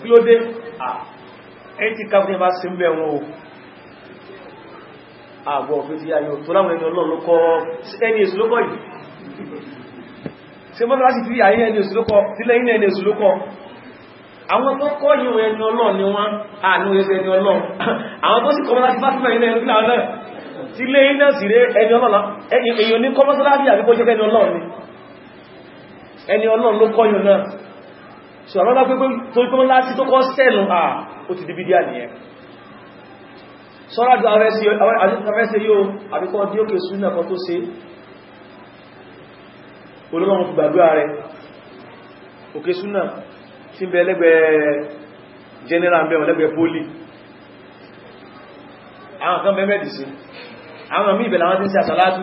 kí ló dé ẹni tí káfẹ́ bá sí ń bẹ̀ wọn o àbọ̀ òfin ti ayò tó láwọn ẹni ọlọ́run ló kọ́ ẹni èsù ló kọ́ yìí ṣe mọ́sálásí tí ayé ẹni òsìlókọ sílẹ̀ iná ẹni òsìlókọ àwọn tó kọ́ yíò ẹni ọlọ́run ni wọ́n àánú ẹsẹ̀ ẹni ọlọ́run àwọn tó sì kọ́ mọ́sálásí fásitì iná ẹni ọlọ́run sílẹ̀ iná sì rẹ ẹni ọlọ́run èèyàn ní kọ́ mọ́sálásí àbíkọ́ jẹ́ ẹni ọlọ́run ni ẹni ọlọ́run ló kọ́ yíò náà so àwọn agbẹ́gbẹ́ tó kọ́ mọ́sálásí tó kọ́ sẹ́nu à ó ti di bídíà nìyẹn sọ́rọ̀ àdúrà rẹ̀ sí yóò àbíkọ́ díókè súnà kan tó ṣe olóòrùn gbàdúrà rẹ̀ òkè súnà tí ń bẹ lẹ́gbẹ̀ẹ́ general ń bẹ wọn lẹ́gbẹ̀ẹ́ poli àwọn kan bẹ́ẹ̀ mẹ́dì sí àwọn mí ìbẹ̀lẹ̀ àwọn tí ń ṣe àsàlátù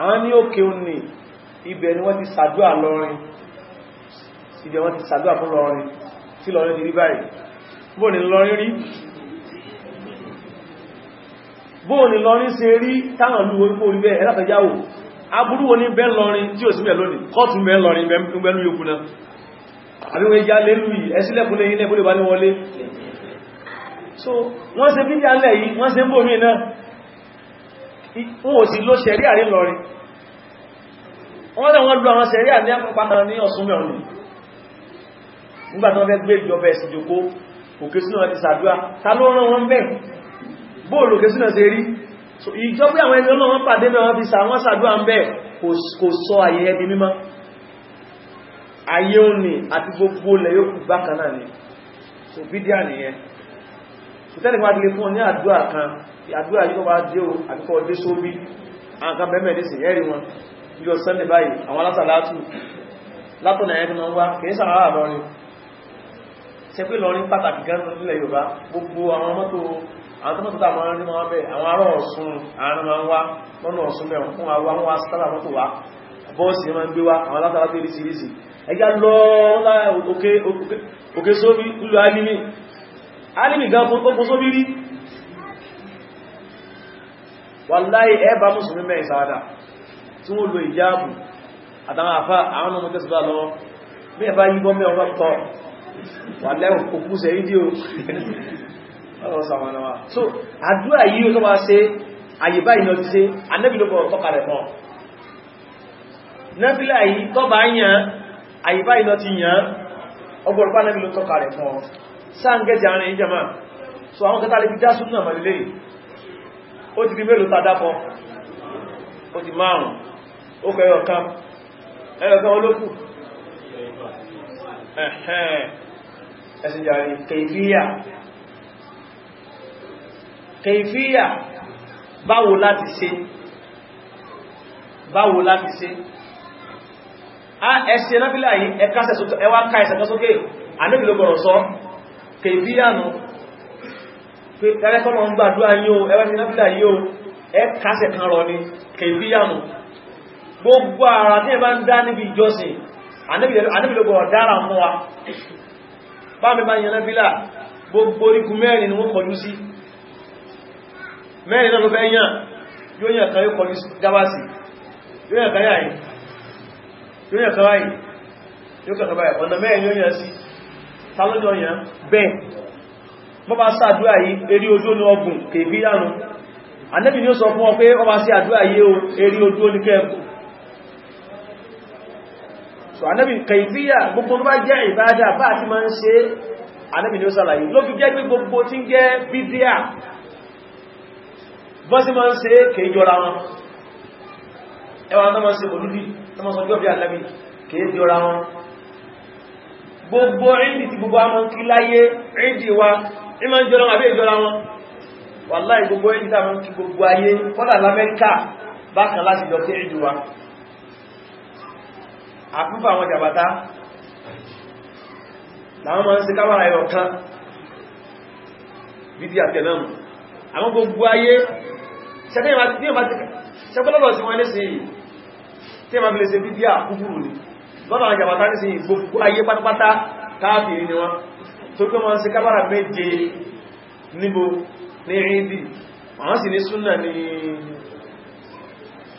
àwọn ní òkè òní ibẹ̀ ni wọ́n ti sàdúà lọ́rin ibẹ̀ wọ́n ti sàdúà ni lọ́rin rí bóò ni lọ́rin ṣe rí táwọn olúwo orí aburú wo ní bẹ́ẹ̀ lọrin tí ò sí bẹ́ẹ̀ lónìí kọ́tù bẹ́ẹ̀ lọrin bẹ́ẹ̀lú yóò kúnná àbíwọ̀ ẹja lélú yìí ẹsílẹ̀kúnlé yìí lẹ́gbọ́lẹ̀ bá ní wọlé so wọ́n ṣe bídí alẹ́ yìí wọ́n ṣe ń bò mí náà wọ́n ò sì ló ṣẹ̀rí àrí lọrin wọ́n lẹ́ wọ́n lọ àwọn ṣẹ̀rí àrí apapọ̀ ní ọ̀sùn mẹ́rin nígbà tó fẹ́ gbé ìjọba ẹ̀sìn jòkó òkè sínú àti sàdúrà ta ló rán wọn bẹ́ẹ̀ bóòlù òkè sínú ṣe rí so ìjọ pé àwọn ẹni ọlọ́wọ́n pàdé mẹ́wọ́n fi sà wọ́n sàdúwà ń bẹ́ kò sọ ayé ẹbí mímọ́ ayé ò ní àti gbogbo ilẹ̀ yóò kù bákan náà ni so bídíà nìyẹn so tẹ́lẹ̀ máa dìlé fún ọ ní àdúrà kan àdúrà yíò wá dé o àbíkọ́ dé sóbí àwọn kan bẹ́ẹ̀ mẹ́rin sì yẹ́rì wọn yíò sẹ́lẹ̀ báyìí àwọn alásàlátù látọ̀nà ẹni wọn wá kìí sàrà lọrin ṣe pé lọrin pàtàkì gan nílẹ̀ Yorùbá gbogbo àwọn mọ́tò àwọn tó mọ́tò tàbí rí wọn bẹ́ àwọn ará ọ̀sùn àárín ma ń wá lọ́nà ọ̀sùn mẹ́wọ̀n fún àwọn àwọn asítàlà mọ́tò wá bọ́ọ̀sì ma ń gbé wá àwọn látara tó rí sírísì ẹgbẹ́ lọ òkè sóbi lulú alimi alimi gan fún tó sóbi rí wàláyé ẹbà mùsùlùmí mẹ́ ìsáadà tí wọ́n lo ìjáàbù àtàwọn àfá àwọn ọmọ tẹ́sùbà lọ mẹ́ẹ̀bá yíbọ́ mẹ́ ọ̀rọ̀ tọ́ wàláyé òkú sẹ́yí dí o so àdúrà yìí tó bá ṣe àyè báyìí lọ ti ṣe anẹ́bìlógún ọ̀tọ́kàlẹ̀ mọ́ nẹ́bílà yìí tó bá yàn àyè báyìí lọ ti yàn ọgbọ̀rọ̀pá nẹ́bìló tọ́kàlẹ̀ mọ́ sáàngẹ́jà rìn ìjẹmà so àwọn kẹta lè fi já súnà mọ̀lélé ó ti di mélòó tàdá kan ó ti márùn ó kẹ́ ọ̀kan ẹ̀rọ̀kan olókù ẹ̀hẹ́ ẹ̀sìn jàrí kèfíyà kẹfíyà báwo láti ṣe báwo láti ṣe a ẹ̀ṣẹ̀ náfílà yìí ẹwà ká ẹsẹ̀ sókè àníbì ló gbọ́rọ̀ sọ kẹfíyà nù ẹrẹ́kọ́nà ń gbàdúrà yóò ẹwà ṣe náfílà yóò ẹ kásẹ̀ kan rọ ni kẹfíyà nù gbogbo ara tí ẹ bá ń dá níbi ìjọsìn àníbì ló gbọ́rọ̀ dára mọ́ wa bá mi bá mẹ́rin náà ló fẹ́ yàn yóò yàn kan yóò kọlu gábásì yóò yàn kan yà yìí yóò yàn kan báyìí yóò kàn báyìí ọ̀nà mẹ́rin yóò yàn sí tálọ́jọ́ yàn bẹ́ẹ̀ bọ́ bá sáàdúrà yìí ojú ọgbùn kèbí yánu anẹ́bì ni o ojú gbogbo gbogbo tí ń bọ́n ń ṣe kèé jọra wọn ẹwà tó olúdí kèé jọra gbogbo ríndì ti gbogbo amọ́ kí láyé ríndì wa ìmọ̀ jọra wọn àbí ìjọra wọn wàláì gbogbo ríndì tàbí kí gbogbo ayé kọ́dà lamẹ́ríkà bákan láti jọ kí ríndì wa àkúfà àwọn jàbátá làwọn máa ń ṣe ẹ̀rọ kan àwọn gbogbo ayé ṣẹ́gbẹ́lọ́rọ̀ tí wọ́n ní sí yìí tí a máa fi lè ṣe bíbí àkúkúrù ní lọ́nà àjàbàtà ní sí gbogbo ayé pátápátá káàkiri ni wọ́n tó kí wọ́n sí kábàrà méje níbo ní ríndì àwọn sì ní súnà ní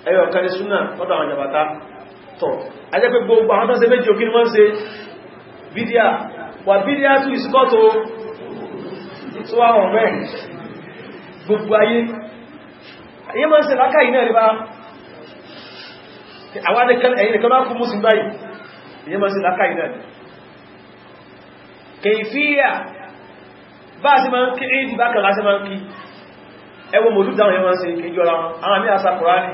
ẹyọ kan ní súnà lọ́dọ̀ àwọn àjàbàtà tọ̀ ajẹ́ pé gbogbo àwọn tó ṣe méje òkú ni wọ́n ṣe bídíà wà bídíà tún ìsúkọ́ tó tó gbogbo ayé ayé máa ń ṣe lákà iná rí bá àwọn ẹ̀yìn nìkan máa kú mú sí báyìí ayé máa ń ṣe lákà iná rí kèfíyà bá sí máa ń kí ìdí bá kàlá sí máa ń kí ẹwọ mọ̀lú dáwọn ẹwọ́n sí kéjọ ra wọn àwọn àmì àṣà kùránì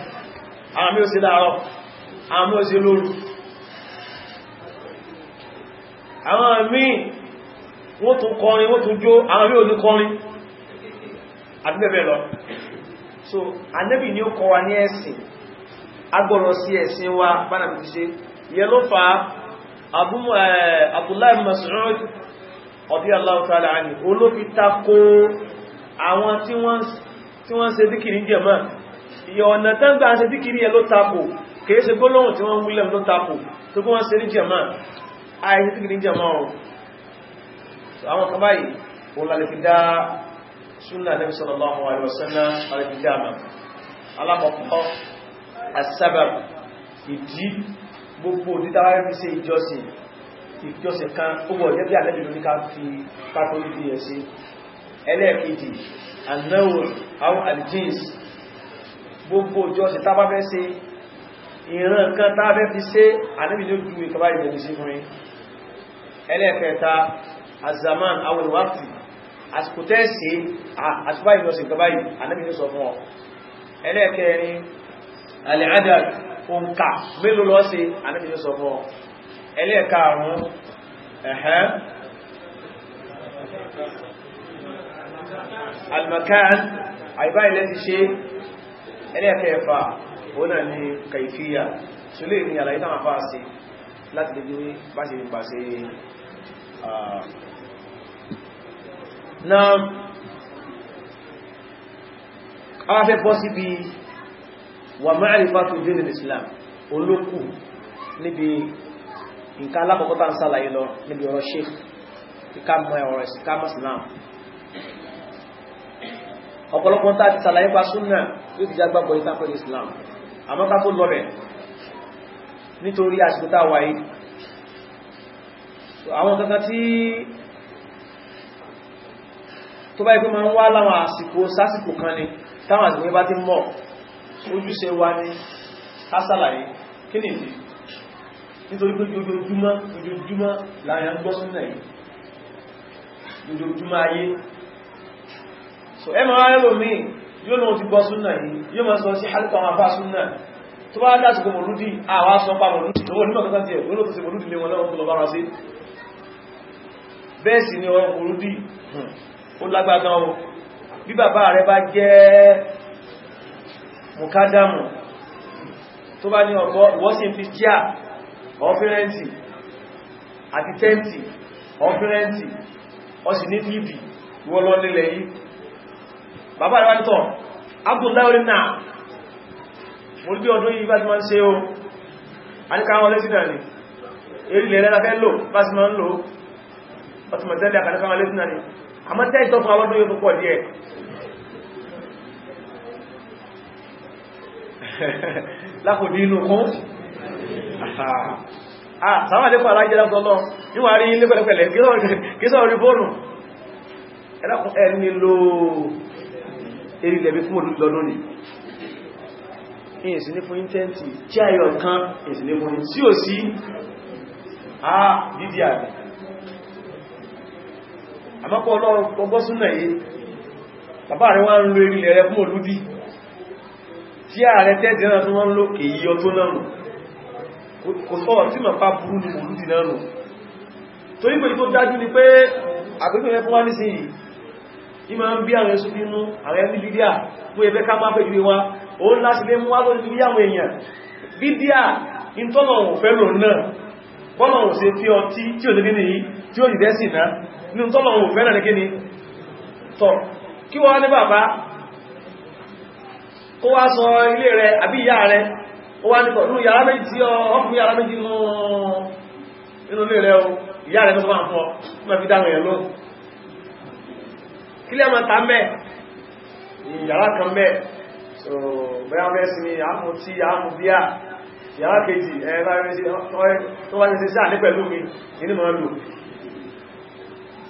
wọ́n tún kọrin wọ́n tún jó àwọn àmì òní kọrin àbí so anẹ́bì ni ó kọ wa ní ẹ̀sìn agbọ́rọ̀ sí ẹ̀sìn wa bánà ti ṣe yẹ ló fa eh, Abdullahi Mas'ud radiyallahu ta'ala anhu olófin takó àwọn tí wọ́n ṣe díkìrí jẹ̀mọ́ ìyọ̀ ọ̀nà tágbà ṣe díkìrí ẹ ló tapò kìí ṣe gbólóhùn tí wọ́n wúlẹ̀ ló tapò tó kí wọ́n ṣe ní jẹ̀mọ́ àìsí díkìrí jẹ̀mọ́ àwọn kan súnà Nabi sallallahu alaihi wasallam alìbìdáàmà alákọ̀ọ́kọ́ asábàb ìdí gbogbo dídáwárí fi ṣe ìjọsìn ìjọsìn kan gbogbo ọ̀jẹ́ bí àlẹ́bì ló ní ká fi pàtó ní bíẹ̀ sí ẹlẹ́ẹ̀kejì anáwò àwọn aljins gbogbo ìjọsìn tá bá àsìkò tẹ́ẹ̀sì àtúbá ìlọsì gaba yìí anábì ní sọ fún ọ ẹlẹ́ẹ̀kẹrin alẹ́adà òǹkà mélòó lọ sí anábì ní sọ fún ọ ẹlẹ́ẹ̀karùn ẹ̀hẹ́n almakan àìbá ilẹ̀ ti ṣe ẹlẹ́ẹ̀kẹfà ni kàìfíyà ṣúlé ní àlàyé táwọn afáà sí láti lè gbé na afẹ́ bọ́ síbi wà ma'rifatu dinil islam olókù níbi nǹkan alákọ̀ọ́kọ́ta ń sàlàyé lọ níbi ọ̀rọ̀ sheikh ìkàmọ̀ ọ̀rọ̀ ìsìkàmọ̀ islam ọ̀pọ̀lọpọ̀ tá ti sàlàyé pa súnà yóò ti jágbàgbọ́ ìtàkùn islam àmọ́ká tó lọ rẹ̀ nítorí àsìkò tá wáyé àwọn kankan tí tó bá ipé ma ń wá láwọn àsìkò sásìkò kan ni táwọn àsìkò bá ti mọ̀ ojúṣe wa ní asàlàyé kí ni ìdí nítorí pé ojoojúmọ́ ojoojúmọ́ láàrin ń gbọ́ súnà yìí ojoojúmọ́ ayé so ẹ máa rẹ̀ lómi yóò náà ti gbọ́ súnà yìí yóò máa sọ sí hálùkọ́ àwọn afá súnà tó bá dásìkò mọ̀lúdí àwọn aṣọ pa mọ̀lúdí lówó nígbà kọ́kọ́ tí ẹ̀ olóòtú sí mọ̀lúdí lé wọn lọ́wọ́ tó lọ bára sí bẹ́ẹ̀ sì ni mọ̀lúdí ó lágbàgbà o bí bàbá rẹ bá jẹ́ mùkádàmù tó bá ní ọ̀pọ̀ wọ́sìn fi jíà ọ̀fẹ́rẹ́ntì àti tẹ́ntì ọ̀fẹ́rẹ́ntì ọ̀sìn ní níbi wọ́n lọ nílẹ̀ yìí bàbá rẹ̀ wá nítọ̀ Abdullahi orí náà mo rí bí ọdún yìí bá ti máa ń ṣe o a ní káwọn ni èrí lẹ́lẹ́lẹ́fẹ́ lò bá ti máa ń lò ọtí mọ̀tẹ́lẹ̀ àkàlẹ́fẹ́ wọn ni àmọ́ tẹ́ ìtọ́ fún àwọn tó yóò tó pọ̀ díẹ̀ lákòdí inú kún àtàwọn àdékò alájẹ́ lásọ́lọ́ níwà rí ilé pẹ̀lẹ̀pẹ̀lẹ̀ kí sọ rí fóònù ẹ̀dàkùn ẹni ló eré ilẹ̀ bí fún olùdó lónìí ìsìn ní fún intẹ́ntì tí ayọ̀ kan ìsìn ní fún tí ò àmọ́kọ́ ọlọ́run gbogbo súnà yìí bàbá rẹ̀ wọ́n ń lo eré rẹ̀ fún olúdí tí ààrẹ tẹ́jẹ̀ náà tó wọ́n ló kèyí ọtó náà nù kò sọ́ọ̀ tí mọ̀ pa burú ní olúdí náà nù torí pé tó dájú ni pé àgbẹ́gbẹ̀rẹ̀ fún wá nísìnyí ìmọ̀ ń bí àwọn ẹ̀sùn nínú àwọn ẹ̀mí bídíà mú ẹgbẹ́ ká máa pẹ̀lú wa ó ń láti lé mú wá lórí bí àwọn èèyàn bídíà ìtọ́nà òfẹ́ lò náà bọ́nà òsè fi ọtí tí ò lè nínú yìí tí ó yìí dẹ́sì náà ní tọ́lọ̀ òun fẹ́rẹ̀ ní kíni tọ̀ kí wọ́n ní bàbá kó wá sọ ilé rẹ̀ àbí ìyá rẹ̀ ó wá nítọ̀ ní yàrá méjì ọkùnrin yàrá méjì nínú ilé rẹ̀ ìyá rẹ̀ tó bá ń fọ́ mẹ́ fi dáhùn ẹ̀lọ́ kí lẹ́mọ̀ ta mẹ́ yàrá kan sí ni àmú tí àmú bíà yàrá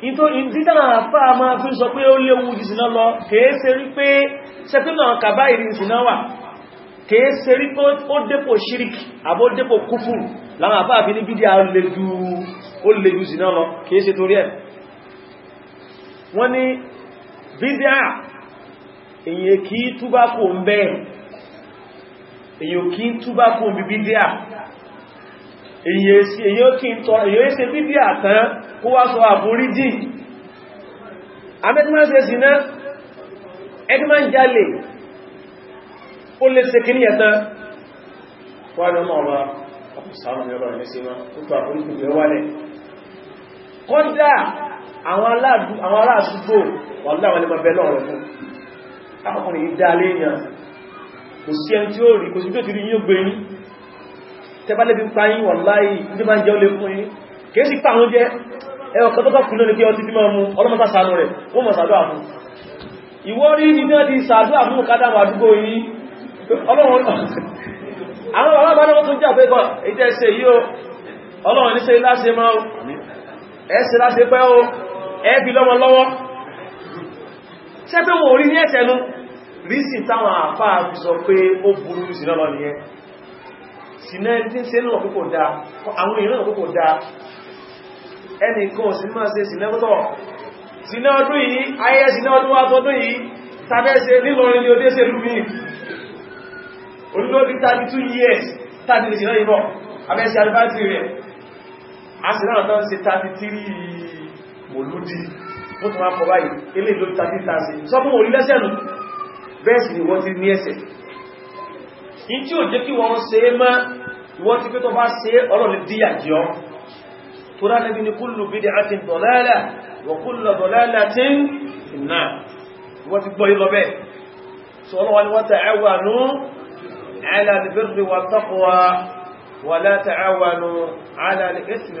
títàrà àfá máa fi sọ pé ó léwu jù síná lọ kèése rí pé sẹ́pínà kàbá ìrìn síná wà kèése rí pé ó dépò ṣíríkì àbó dépò kúfùrù láwọn àfá àfi ní bídí ó lè jù síná lọ kèése torí ẹ̀ wọ́n ní bídí à èyàn kí túbá bẹ́ẹ̀ èyí ó kí n tọ́ èyí ó ṣe bíbí àtán kó wá sọ àforíjì abẹ́tìmá ṣe síná ẹgbẹ́má ń jálè ó lè ṣe kìí ẹ̀tán wà ní ọmọ ọba ọkùsàrùn ẹ̀rọ ìrẹsìmá ó tó àforíjì rẹ̀ wálẹ̀ kọ́dá àwọn aláàdúgbò wà láwọn ẹni mọ̀bẹ̀ lọ́rọ̀ fún akọkùnrin ìdálé èèyàn kò tẹbálẹ́bí ń pààyí wàláyé ní máa ń jẹ́ olè fún yín kìí sí pààrún jẹ́ ẹwọ kan tó bá kùnlẹ̀ ní pé ọtí tí máa mú ọlọ́mọta sàánú rẹ̀ wọ́n mọ̀ sàdọ́ àmú ìwọ́ rí ní náà ti sàdọ́ àmú kádàmù àdúgbò yìí ọlọ́run àwọn bàbá yìí o ọlọ́run ní ṣe láṣe máa o ẹsẹ̀ láṣe pẹ́ o ẹbí lọ́mọ lọ́wọ́ ṣẹ́ rí ní táwọn àfáà fi sọ pé ó burú sí lọ́lọ́ nìyẹn sínà ẹni tí ń ṣe náà púpọ̀ dáa àwọn èèyàn náà púpọ̀ dáa ẹni kan sí máa ṣe sínà púpọ̀ sínà ọdún yìí ayẹyẹ sínà ọdún wá tọdún yìí tàbẹ́ṣe nílọrin ní odé ṣèlú mi olúlóbi 32 years tàbí lè sínà ìbọ̀ abẹ́ṣe alifáàtì rẹ̀ a sì náà tán ṣe 33 mòlúdí wọ́n tún wá kọ báyìí ilé ìlú 33 sọ fún orílẹ̀-èdè bẹ́ẹ̀ sì ni wọ́n ti ní ẹsẹ̀ in tí ó jẹ́ kí wọ́n ṣe é mọ́ wọ́n ti pé tó bá ṣe ọlọ́lẹ̀ díyà jọ tó rá nẹ́bí ni kullu bid'atin dalalah wa kullu dalalatin iná wọ́n ti gbọ́ ilọ bẹ́ẹ̀ so ọlọ́wọ́ ni wa ta'awanu ala al-birri wa taqwa wa la ta'awanu ala al-ithmi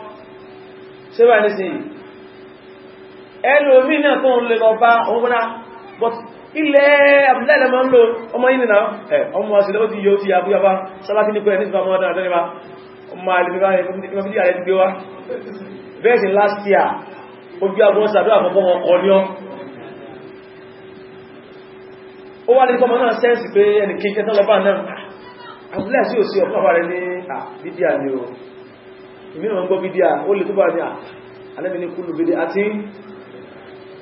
ṣe bá nísìnyí ẹlòmí náà tó ń lè lọ bá ọgbọ́nà but ilẹ̀ abúlẹ́lẹ̀ máa ń lo ọmọ yìí nìna ọmọ àṣìlẹ̀ ó ti yóò ti àbúyàbá sálákí ní nípa ọmọ ọdún àtẹ́lẹ́wà last year ojú agbọ́n sàdọ́ àkọ́kọ́ wọn kọ́ ní ọ́ ó wá lè kọ́ náà sẹ́ǹsì pé ẹnì kéjẹ́ tọ́lọ́bà ìmìnà wọn gbọ́ bídíà ó lè tó bá ní alẹ́mì ah, ní kúlù bídí àti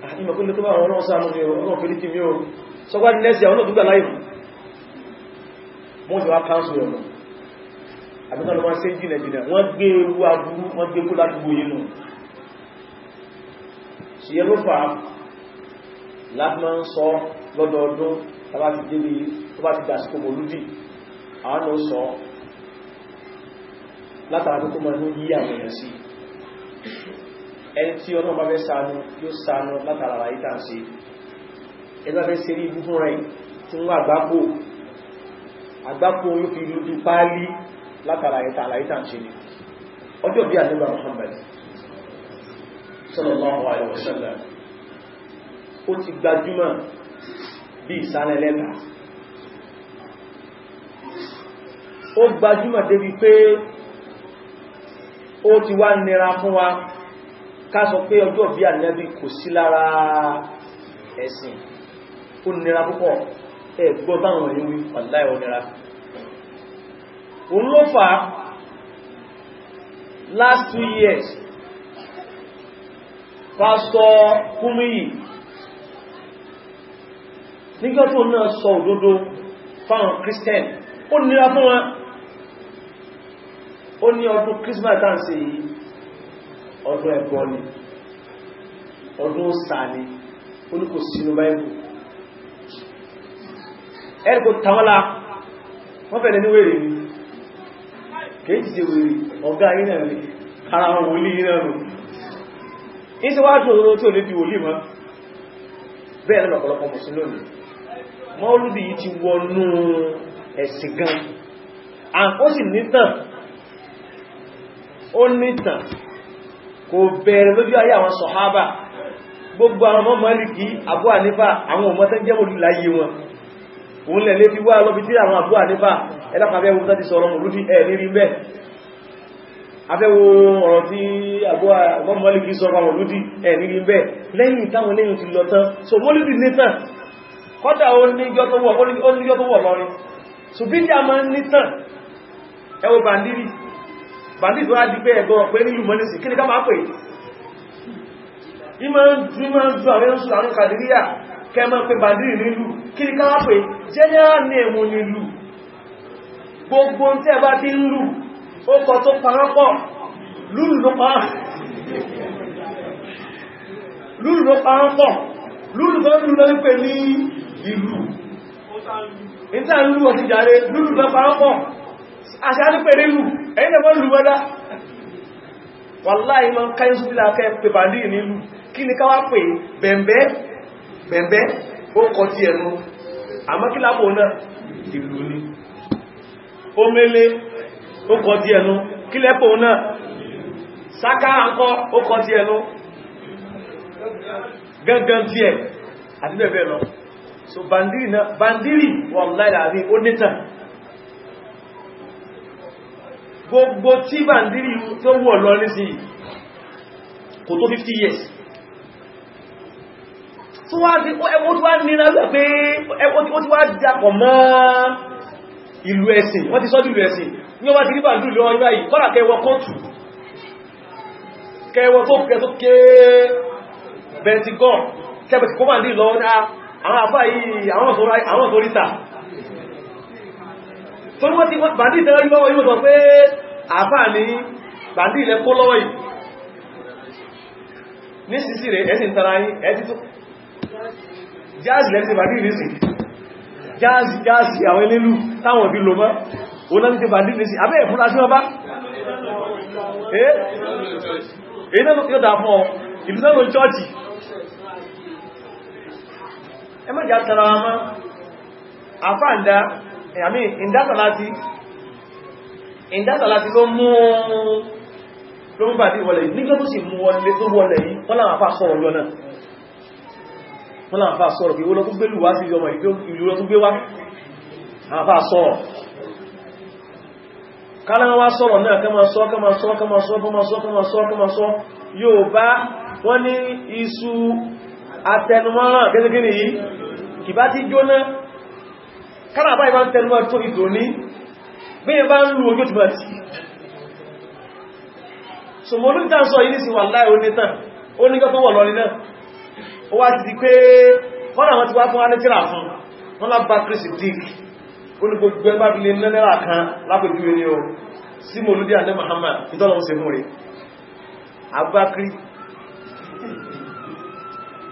ah, ìmọ̀kúnlẹ̀ tó bá wọn náà sáàmù ní ọ̀nà òfin jí mí o sọ́gbà ní lẹ́sì àwọn òdúgbà láì wọ́n jọ wá káńsù ọ̀nà àbíkọ́ lọ máa ṣe jìnà jìnà wọ́n gbé ewu aburú wọ́n gbé kó ládùúgbò yìí nù ṣìyẹ ló fà láti sọ látara tó tó mọ̀ ní yí àwọn èèyàn sí ẹni tí ọlọ́run bá fẹ́ ṣàánú yóò ṣàánú látara àlàyé tà ń ṣe ẹni bá fẹ́ ṣe rí ibú fúnra ẹ̀ tí wọ́n àgbápò àgbápò yóò fi lójú páálí látara ẹ̀ta àlàyé tà ń ṣe ni ọjọ́ bí àdúgbà Muhammad sallallahu alaihi wasallam ó ti gbajúmọ̀ bí ó gbajúmọ̀ débi pé ó ti wá nira fún wa ká sọ pé ọjọ́ bí ànábì kò sí lára ẹ̀sìn ó nira púpọ̀ ẹ gbọ́ táwọn èyí wí wàláì ó nira last two years pásítọ̀ Kúmíyì nígbà tó náà sọ òdodo fáwọn Christian ó nira fún wọn ó ní ọdún Christmas tá ń ọdụ ọdún ni ọdún òsà ni ó ní kò sínú báyìí ẹ̀rì tàwọ́lá wọ́n fẹ̀lẹ̀ ní wèrè ni kèyí wèrè ọ̀gá iná rẹ̀ ara wọn wòlí iná rẹ̀ ní wájú tí lè fi wòlí mọ́ bẹ́ẹ̀ lọ́pọ̀lọpọ̀ ó nìtàn kò bẹ̀rẹ̀ lójú ayé àwọn sọ̀hábà gbogbo àwọn ọmọ mọ́lìkì àbú ànífà àwọn ọmọ tẹ́ jẹ́ mọ̀lú láyé wọn òun lẹ̀ lé fi wá lọ́bi tí àwọn àbú ànífà ẹlọ́pàá wọ́n ti sọ̀rọ̀ mọ̀lúdí ẹ̀ ní rí bẹ́ẹ̀ afẹ́wo ọ̀rọ̀ tí àbú àmọ́ mọ́lìkì sọ̀rọ̀ mọ̀lúdí ẹ̀ ní rí bẹ́ẹ̀ lẹ́yìn táwọn lẹ́yìn ti lọ tán so ẹwọ bàndírì bàbí ìgbà di pé ẹ̀gọ́ pé ní humanism kí ni ká máa pè ìmọ̀ ìjọ àwọn oṣù àwọn kàdíríà kẹmọ́ pé bàdírì nílù kí ni ká máa pè general name nílù gbogbo tẹ́ bá ti ń lù ó kọ tó parọ́pọ̀ lúlù ló parọ́pọ̀ lúlù tó lúlù lórí pé ní ìlú ìta ń lù ọ̀tí jàre lúlù ló parọ́pọ̀ àṣà ní pèrè lù ẹ̀yìn náà mọ́ lù wẹ́dá wàláì ma ń káyé sí láàkẹ́ pè bàndì nílù kí ni káwà pè bẹ̀m̀bẹ́ bẹ̀m̀bẹ́ ó kọ tí ẹnu àmọ́ kí lápò náà ìlú ni ó mẹ́lé ó kọ tí ẹnu kí lẹ́pò náà sáká àkọ́ ó kọ tí ẹnu gangan tí ẹ àti bẹ̀bẹ̀ lọ so bàndìrì wàláì láàrin ó nítàn gbogbo tí bàndírì tó wọ̀ lọ nísì kò tó 50 years tó wá sí ẹwọ́ tó wá nínú ẹgbẹ́ pé ẹwọ́ tí ó ti wá dàpọ̀ mọ́ ìlú ẹ̀sìn wọ́n ti sọ́ ìlú ẹ̀sìn ní ọba ti rí bàndírì lọ ọjọ́ yìí kọ́lá kẹwọ kóòtù kẹwọ tó kẹ tó ké bẹ̀ntigọ́n kẹbẹ̀tì kó bàndírì lọ ah, àwọn àfáà yìí àwọn tó ríta tó wọ́n ti bàndì ìtẹ́lẹ́ rí lọ́wọ́ yóò sọ pé àfáà ní bàndì ilẹ̀ kó lọ́wọ́ yìí ní sísí rẹ̀ ẹ̀sì ń tara yín ẹ̀sì tó jáàzì lẹ́sì bàndì ìrísì jáàzì jáàzì àwọn elélu táwọn òbí lò mọ́ onáni ti bàndì ìrísì abẹ́ ìfúnra sí ọba èyí náà yóò dà fún ọ ìlú náà ló chọ́ọ̀chì ẹ má jà tara wa mọ́ àfáà ń dá àmì ìdásàláti ìdásàláti ló mú ló mú bàtí wọlẹ̀ nígbà tó sì mú wọlẹ̀ tó wọlẹ̀ yìí wọ́n láwọn afá sọ̀rọ̀ yọ náà wọ́n láwọn afá sọ̀rọ̀ pé olókún gbé lùwá sí ọmọ ìlú olókún gbé wá afá sọ̀rọ̀ káláwá sọ̀rọ̀ náà kama sọ kama sọ kama sọ kama sọ kama sọ kama sọ yóò bá wọ́n ní iṣu atẹnumọ́ràn gẹ́gẹ́gẹ́ yìí kìbá ti jóná kára bá ibá ń tẹnu ẹ̀ tó ìdò ní bí i bá ń lú ojú tìbà tí so mo ní tàn sọ yìí sí wà láì onítàn ó ní gọ́tọ́ wọ̀ lọ́rin náà ó wá ti di pé wọ́n àwọn ti wá fún alẹ́tìrà fún wọ́n lábá Chris Dick ó ní gbogbo ẹgbà o sí mo lúdí Muhammad ìtọ́lọ́wọ́ se mú rẹ̀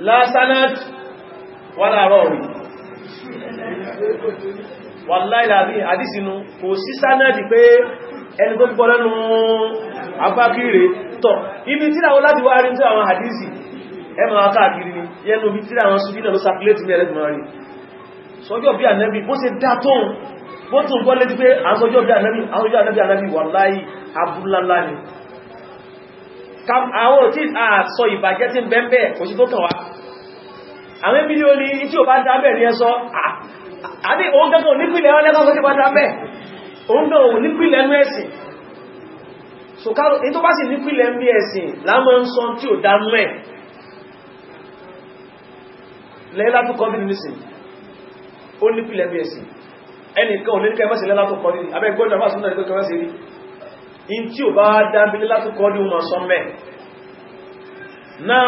lásánàt wàláàrọ̀ rí wàláìlàbí àdísìnú kò sí sánàtì pé ẹni tó gbọ́ lẹ́nu agbákìrì tọ̀ ibi tí àwọn láti wá rí tí àwọn àdísì ẹmọ akáàkiri ni yẹnu bí tí àwọn súnfínà ló sàkúlétì ní ẹlẹ́gbọ̀n rí sọjọ́ bí ànẹ́bí bó ṣe dá tóun bó tún gbọ́ létí pé àwọn sọjọ́ bí ànẹ́bí àwọn sọjọ́ ànẹ́bí ànẹ́bí wàláì abúláńlá ni àwọn tí àsọ ìbàjẹ́ tí ń bẹ́ bẹ́ kò sí tó kàn wá àwọn ìbílí o ní tí ò bá dábẹ̀ ní ẹsọ àbí òun gẹ́gẹ́ onípìlẹ̀ wọn lẹ́gbọ́n tó ti bá dábẹ̀ òun náà ò nípìlẹ̀ ẹnu ẹ̀sìn so to káàrò ní tó bá sì nípìlẹ̀ ẹnu ẹ̀sìn lámọ́ ń sọ tí ò dánú ẹ̀ lẹ́lá tó kọ́ nínú sí ó nípìlẹ̀ ẹnu ẹ̀sìn ẹnìkan ò ní kẹ́ in tí ò bá dábílé látúkọ́ ní ọmọ sọ mẹ́ náà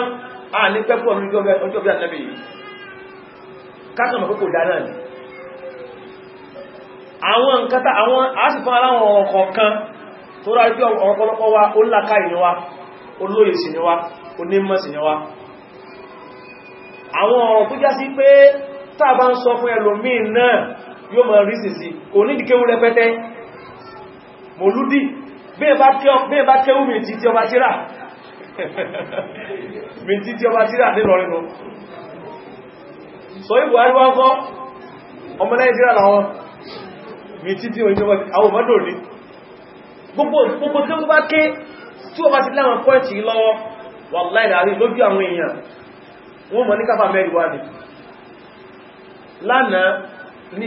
a ní pẹ́pọ̀ ní ọjọ́ bí àtẹ́bì yìí kásọ̀mọ̀ kókò dáná ni àwọn nkátà àwọn àásìfán aláwọn ọkọ̀ kan tó rá ibi ọ̀pọ̀lọpọ̀ wa ó láká ìníwá olóyè sí níwá onímọ̀ sí níwá àwọn ọ̀rọ̀ tó já sí pé tàbá ń sọ fún ẹlòmíì náà yóò mọ̀ rí sí sí kò ní ìdíkéwú rẹpẹtẹ mòlúdì bẹ́ẹ̀ bá kéwú mi ọba tíra mi títí ọba tíra nílọrin nù sọ ìbò àríwá kọ́ ọmọ nàìjíríà làwọn mi títí gbogbo tí ó bá ké tí ó ti láwọn pọ́ẹ̀tì lọ́wọ́ wà láìláàrí lójú àwọn èèyàn wọ́n mọ̀ ní káfà mẹ́rin wà ní lánàá ní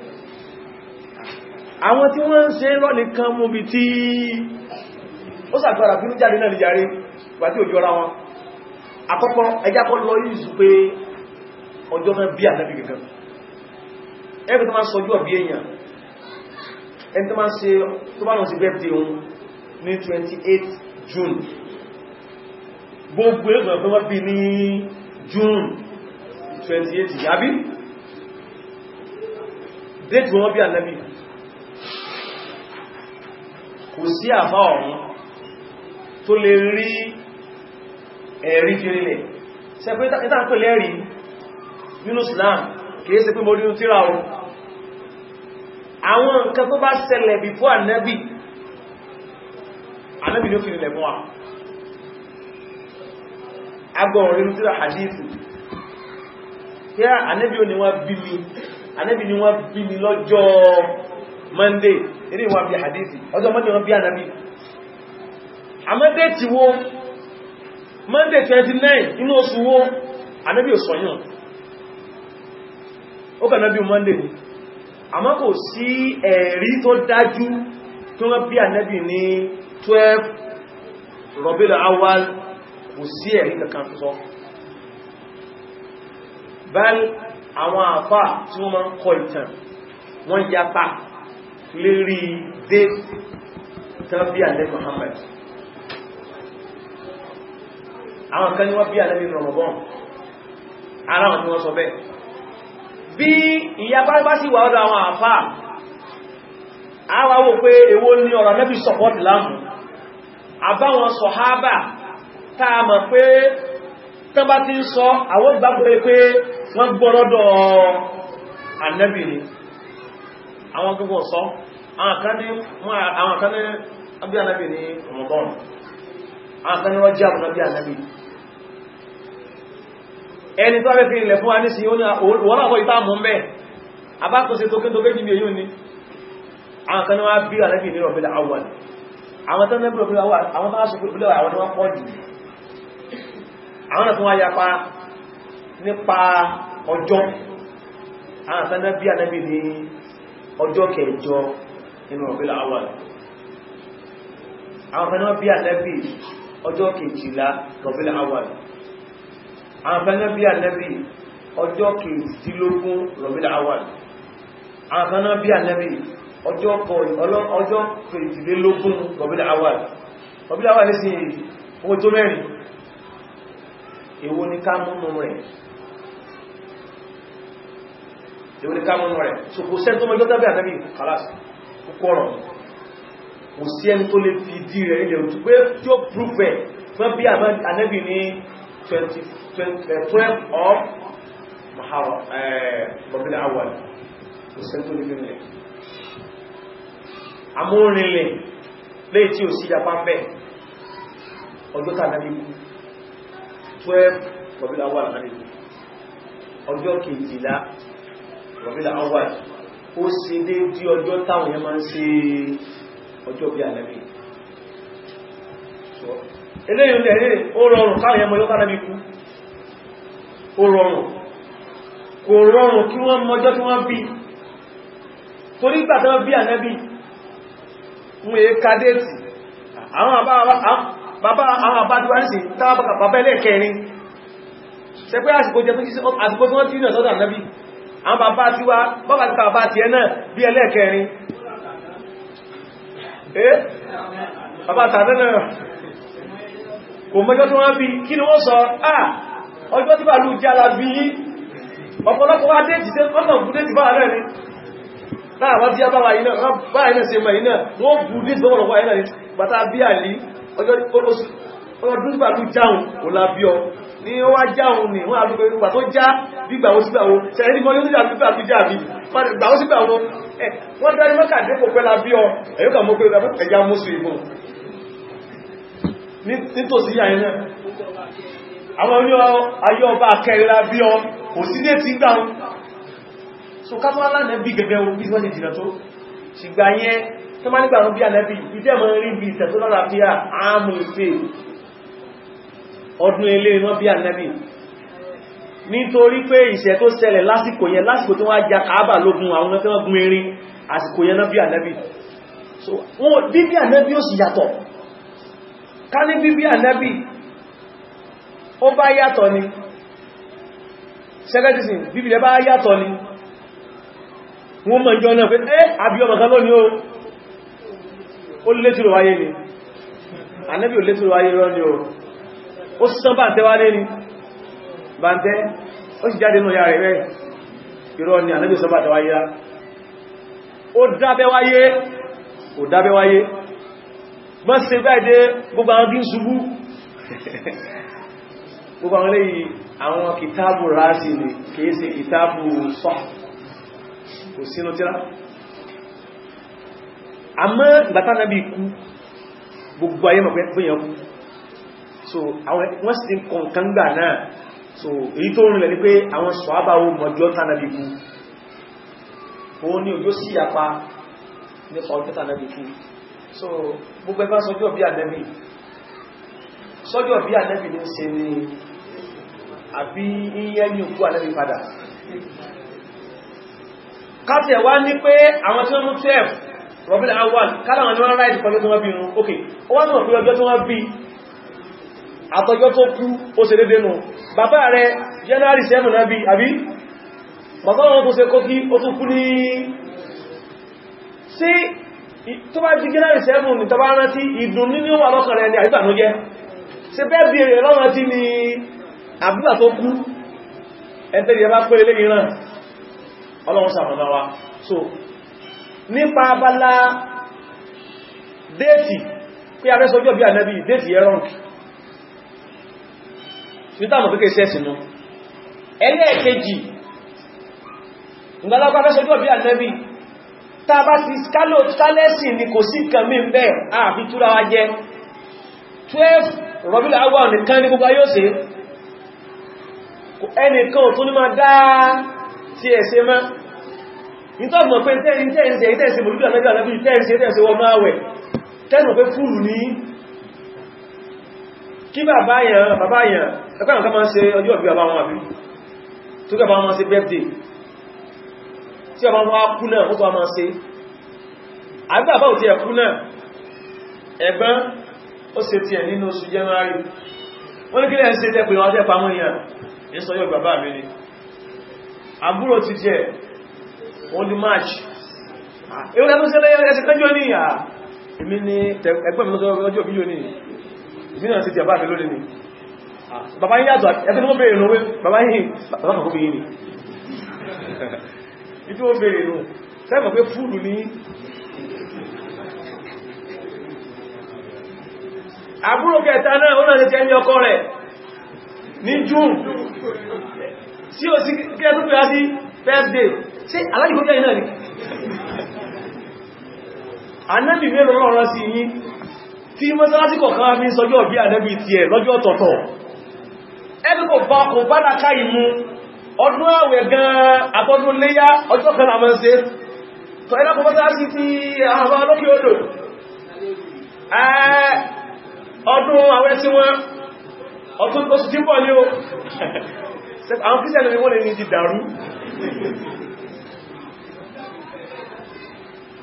àwọn tí wọ́n ń ṣe lọ́nì kan mú bí tí ó sàtọ́ra bí jáde náà nìyàrí wà tí òjò ra wọn àkọ́kọ́ ẹjá kọ́ lọ yìí pé ọjọ́ náà bí ànábì gẹ̀gẹ̀ ẹgbẹ́ tó máa sọjú ọ̀bí èèyàn ẹni tó máa ṣe tó bá lọ sí birthday òun ní 28 June gbogbo ẹgbẹ́ pé wọ́n bí ní June 28 yàbí date wọ́n bí ànábì kò sí àfá ọ̀run tó lè rí ẹ̀rí fìrìlẹ̀ ṣe pé ìtàkùn lẹ́rí nínú Islam kìí ṣe pé mọ́rí tíra o àwọn nǹkan tó bá ṣẹlẹ̀ bí fún ànábì ànábì ló fìrìlẹ̀ fún wa agbọ̀rọ̀ nínú tíra hadithu tí ànábì ò ní wọ́n bí Monday eré wọn bí hadithi ọjọ́ mọ́dé wọn bí ànábì àmọ́dé ti wo monday 29 inú oṣù wo ànábì òsọ̀yàn ó kà nábì monday ni àmọ́ kò sí ẹ̀rí tó dájú tó wọ́n bí ànábì ní 12 rọ̀bílẹ̀ awal kò sí ẹ̀rí kankan tó sọ báyìí àwọn àfáà tí wọ́n máa kọ ìtàn wọ́n yapa lérí déètì tán bí alẹ́ Muhammad àwọn kan ní wọ́n bí alẹ́ nínú ọmọbọ́n ara wọn ni wọ́n sọ bẹ́ẹ̀ bí ìyá bá sì wà ọ́dọ̀ àwọn àfáà àwa wò pé èwo ni ọ̀rọ̀ nẹ́bí support láàmù àbáwọn sọ̀hábà táà mọ̀ pé tán bá ti ń sọ àwọn ìgbàgbọ́ pé wọ́n gbọ́rọ́dọ̀ ànẹ́bì ni àwọn gbogbo sọ àwọn kan ní abí anábì ní ọmọdán àwọn kan ní wọ́n jẹ́ àbúrò abí anábì ẹni tó rẹ̀ fi ilẹ̀ fún anísí wọ́n àwọn ìta mú mẹ́ abákòsí tó kíntó méjì bí èyún ni àwọn kan ní wọ́n bí anábì ní rọ̀bílẹ̀ àwọn àwọn tó nẹ́bí rọ̀bílẹ̀ àwọn tó wá sọ rọ̀bílẹ̀ àwọn ni wọ́n pọ̀ ní bí ọjọ́ kẹjọ inú ọ̀bílá awal àwọn fẹ́nà bí ànẹ́bì ọjọ́ kejìlá ọ̀bílá awal àwọn fẹ́nà bí ànẹ́bì ọjọ́ kejìdínlógún ọ̀bílá awal àwọn fẹ́nà bí ànẹ́bì ọjọ́ kejìdínlógún ọ̀bílá awal ọ̀bílá awal ní sí owó tó mẹ́rin èwo ni ká múnú rẹ̀ èwo ni kámúnú rẹ̀ so kò sẹ́ni tó mọjọ́ tábí ànábì kàlásì kókó ọ̀rọ̀ kò sí ẹni tó lè fi dí rẹ̀ ilẹ̀ òtù pé tí ó prúfẹ̀ fún bí ànábì ní 12 eh, of mahara ọ̀bìnrin eh, awal kò sẹ́ni tó lè fi rẹ̀ amórinlẹ̀ lè tí ò sí ìjàpá bẹ́ ọjọ́ tàbí 12 ọ̀bìnrin awal ọjọ́ kejìlá rọ̀bílà awal ó ṣe déédé ọjọ́ táwọn yẹn máa ń ṣe ọjọ́ bí ànábì eléyìí ń lẹ́rẹ́ ó rọrùn káwọn yẹn mọ yọ́ká náà bí kú ó rọrùn kò rọrùn kí wọ́n mọjọ́ tí wọ́n bí torí gbàtọ́ bí ànábì mú e kádẹ́ẹ̀tì àwọn àbájúwá ń sì tábàkà bàbá ẹlẹ́ẹ̀kẹ́rin ṣẹgbẹ́ àsìkò jẹ́ fún àsìkò tí wọ́n tí ní ọ̀sọ́dà náà bí àwọn bàbá tí wá bọ́bá ti bàbá ti ẹ náà bí ẹlẹ́ẹ̀kẹrin eh bàbá tàbí náà kò mọ́jọ́ tí wọ́n bí kí ni wọ́n sọ ah ọjọ́ tí bàlú jẹ́ alábí ọ̀pọ̀lọpọ̀ wá dé jìdé ọ̀nà bú dé ti bá rẹ̀ ni láàwọ́ tí a bá wà iná bá iná se mọ̀ iná wọ́n bú dé ti bọ́wọ́lọpọ̀ iná ni bàtà bí àlí ọjọ́ ọdún bàlú jáun ò lábí ní ó wá já òun ní wọ́n àdúgbò ìrúwà tó já bí gbàwó sígbàwó ṣẹ̀rẹ́ ní mọ́ yóò nígbà pípà bí jáàbí gbàwó sígbàwó wọ́n dárí mọ́kà dépò pẹ́lá bí ọ ẹ̀yọ́ kà mọ́ pé ẹja mú sí ìbò nítòsí yà iná àwọn oní ayọ́ ọba kẹrìnlá bí ọ kò sí dé ti gbàun so ká mọ́ alánà bí gẹ̀gẹ̀ ohun bí wọ́n ti dìnà tó ṣùgbà yẹn tó má nígbà bí ànẹ́bí ìdẹ́mọ̀ rí bí ìtẹ̀tọ́lọ́lá bí i àmì ìfẹ́ ọdún ilé wọn bí ànábì nítorí pé ìṣẹ́ tó ṣẹlẹ̀ lásìkò yẹn lásìkò tí wọ́n já kàábà lógun àwọn tí wọ́n gun erin àsìkò yẹn náà bí ànábì so wọ́n bíbí ànábì ó sì yàtọ̀ ká ní bíbí ànábì ó bá yàtọ̀ ni sẹ́gẹ́tìsìn bíbí rẹ̀ bá yàtọ̀ ni wọ́n mọ̀ jọ náà pé ẹ́ àbí ọmọ kan lónìí ó létí lọ wáyé ni ànábì ò létí lọ wáyé lọ́ni o ó sán bàǹtẹ́ wá lẹ́ni bàǹtẹ́ ó sì jáde náà rẹ̀ rẹ̀ ìrọ̀ ni ànábì sọ bàǹtẹ́ wáyé ó dábẹ́ wáyé ó dábẹ́ wáyé mọ́ se bẹ́ẹ̀dẹ́ gbogbo àwọn gín ṣubú <laughs> gbogbo àwọn léyìí àwọn kìtàbù ráàsì ni kìí ṣe kìtàbù sọ kò sínú tíra àmọ́ ìgbàtánàbí ikú gbogbo ayé mọ̀ pé fún ìyànkú so wọ́n sì kọ̀ǹkan gbà náà so èyí tó rìnlẹ̀ ní pé àwọn sọ̀ábà ó mọ̀jọ́ tánàbí kú ó ní òjò sí ìyapa nípa ọjọ́ tánàbí kú so gbogbo ẹgbẹ́ sọjọ́ bí ànẹ́bì sọjọ́ bí ànẹ́bì ní ṣe ni àbí iye ní òkú ànẹ́bì padà káàtẹ̀ wá ní pé àwọn tí wọ́n mú 12 Robin awal kálàwọn ni wọ́n ráìdì pọ̀jọ́ tó wọ́n bí irun ok ó wá ní ọ̀pẹ́ ọjọ́ tó wọ́n bí àtọjọ́ tó kú ó ṣe dédé nù bàbá rẹ̀ january 7 náà bí àbí bàbá wọn kò ṣe kó kí ó tún kú ní sí tó bá jí january 7 ní tọba rántí ìdùnnú ní wà lọ́kàn rẹ̀ ní àìbànújẹ́ ṣe bẹ́ẹ̀ bí rẹ̀ lọ́rán tí ni àbúgbà tó kú ẹ̀tẹ́rì ẹbá pé ilé ìran ọlọ́run sàmọ̀nà wa so déètì ẹ̀rọ̀nkì nítàmù pé kèsẹ̀ sínú ẹlẹ́ẹ̀kejì ìgbàlápá fẹ́sẹ̀ tó bí ànẹ́bí tá a bá ti skálò skálẹ́sì ni kò sí nǹkan mí bẹ́ẹ̀ àbí túra wa jẹ́ 12 rọ̀bílà awọ́ nìkan ní gbogbo ayó sí ẹnìkan tó ní máa dáa tí ẹ̀ se mọ́ nítọ́gbọ̀n pé tẹ́ẹ̀sẹ̀ tẹ́ẹ̀sẹ̀ mọ̀lúdà mẹ́jọ́ àlẹ́bí tẹ́ẹ̀sẹ̀ tẹ́ẹ̀sẹ̀ wọ́n máa wẹ̀ tẹ́ẹ̀sẹ̀ pé fúlù ní kí bàbá yẹn bàbá yẹn ẹgbẹ́ àwọn kan máa ń ṣe ọjọ́ ìbí bàbá wọn àbí tó kẹ́ bá wọn ṣe birthday tí bàbá wọn á kú náà ó tó máa ṣe àbí bàbá ò ti ẹ̀kú náà ẹ̀gbọ́n ó ṣe tiẹ̀ nínú oṣù January wọ́n ní kí lẹ́ẹ̀ ṣe tẹ́ pé wọ́n tẹ́ pamọ́ èèyàn ní sọ́yọ́ bàbá mi ni àbúrò ti jẹ́ wọ́n ní March èwọ́n ah, lẹ́tọ́ sí ẹlẹ́yẹ́ ẹsẹ̀ kẹjọ ní ìyà èmi ni ẹgbẹ́ mi lọ́jọ́ bí ìdínà sí ti àfẹ́ ni bàbá yìí yàtọ̀ ẹgbẹ́ ni wọ́n bèèrè lówé bàbá yìí bàbá bèèrè ni ìdí wọ́n bèèrè lò sẹ́mọ̀ pé fúlù ní àbúrò kẹta náà ó náà ti ọkọ rẹ̀ ní june sí o sí tí mọ́sálásí kọ̀kan wá fi ń sọjọ́ bí ànẹ́bí ti ẹ̀ lọ́jọ́ ọ̀tọ̀ọ̀tọ̀ ẹbí kò bá kò bá dáká ìmú ọdún àwẹ̀ gan-an àtọ́dún léyá ọjọ́ kan àmọ́ ṣe tọ́ ẹlẹ́kùn mọ́sálásí ti àwọn olókè odò ọdún àwẹ̀ tí wọ́n ọdún oṣù tí ń bọ̀ <laughs> ní o àwọn kírísẹ̀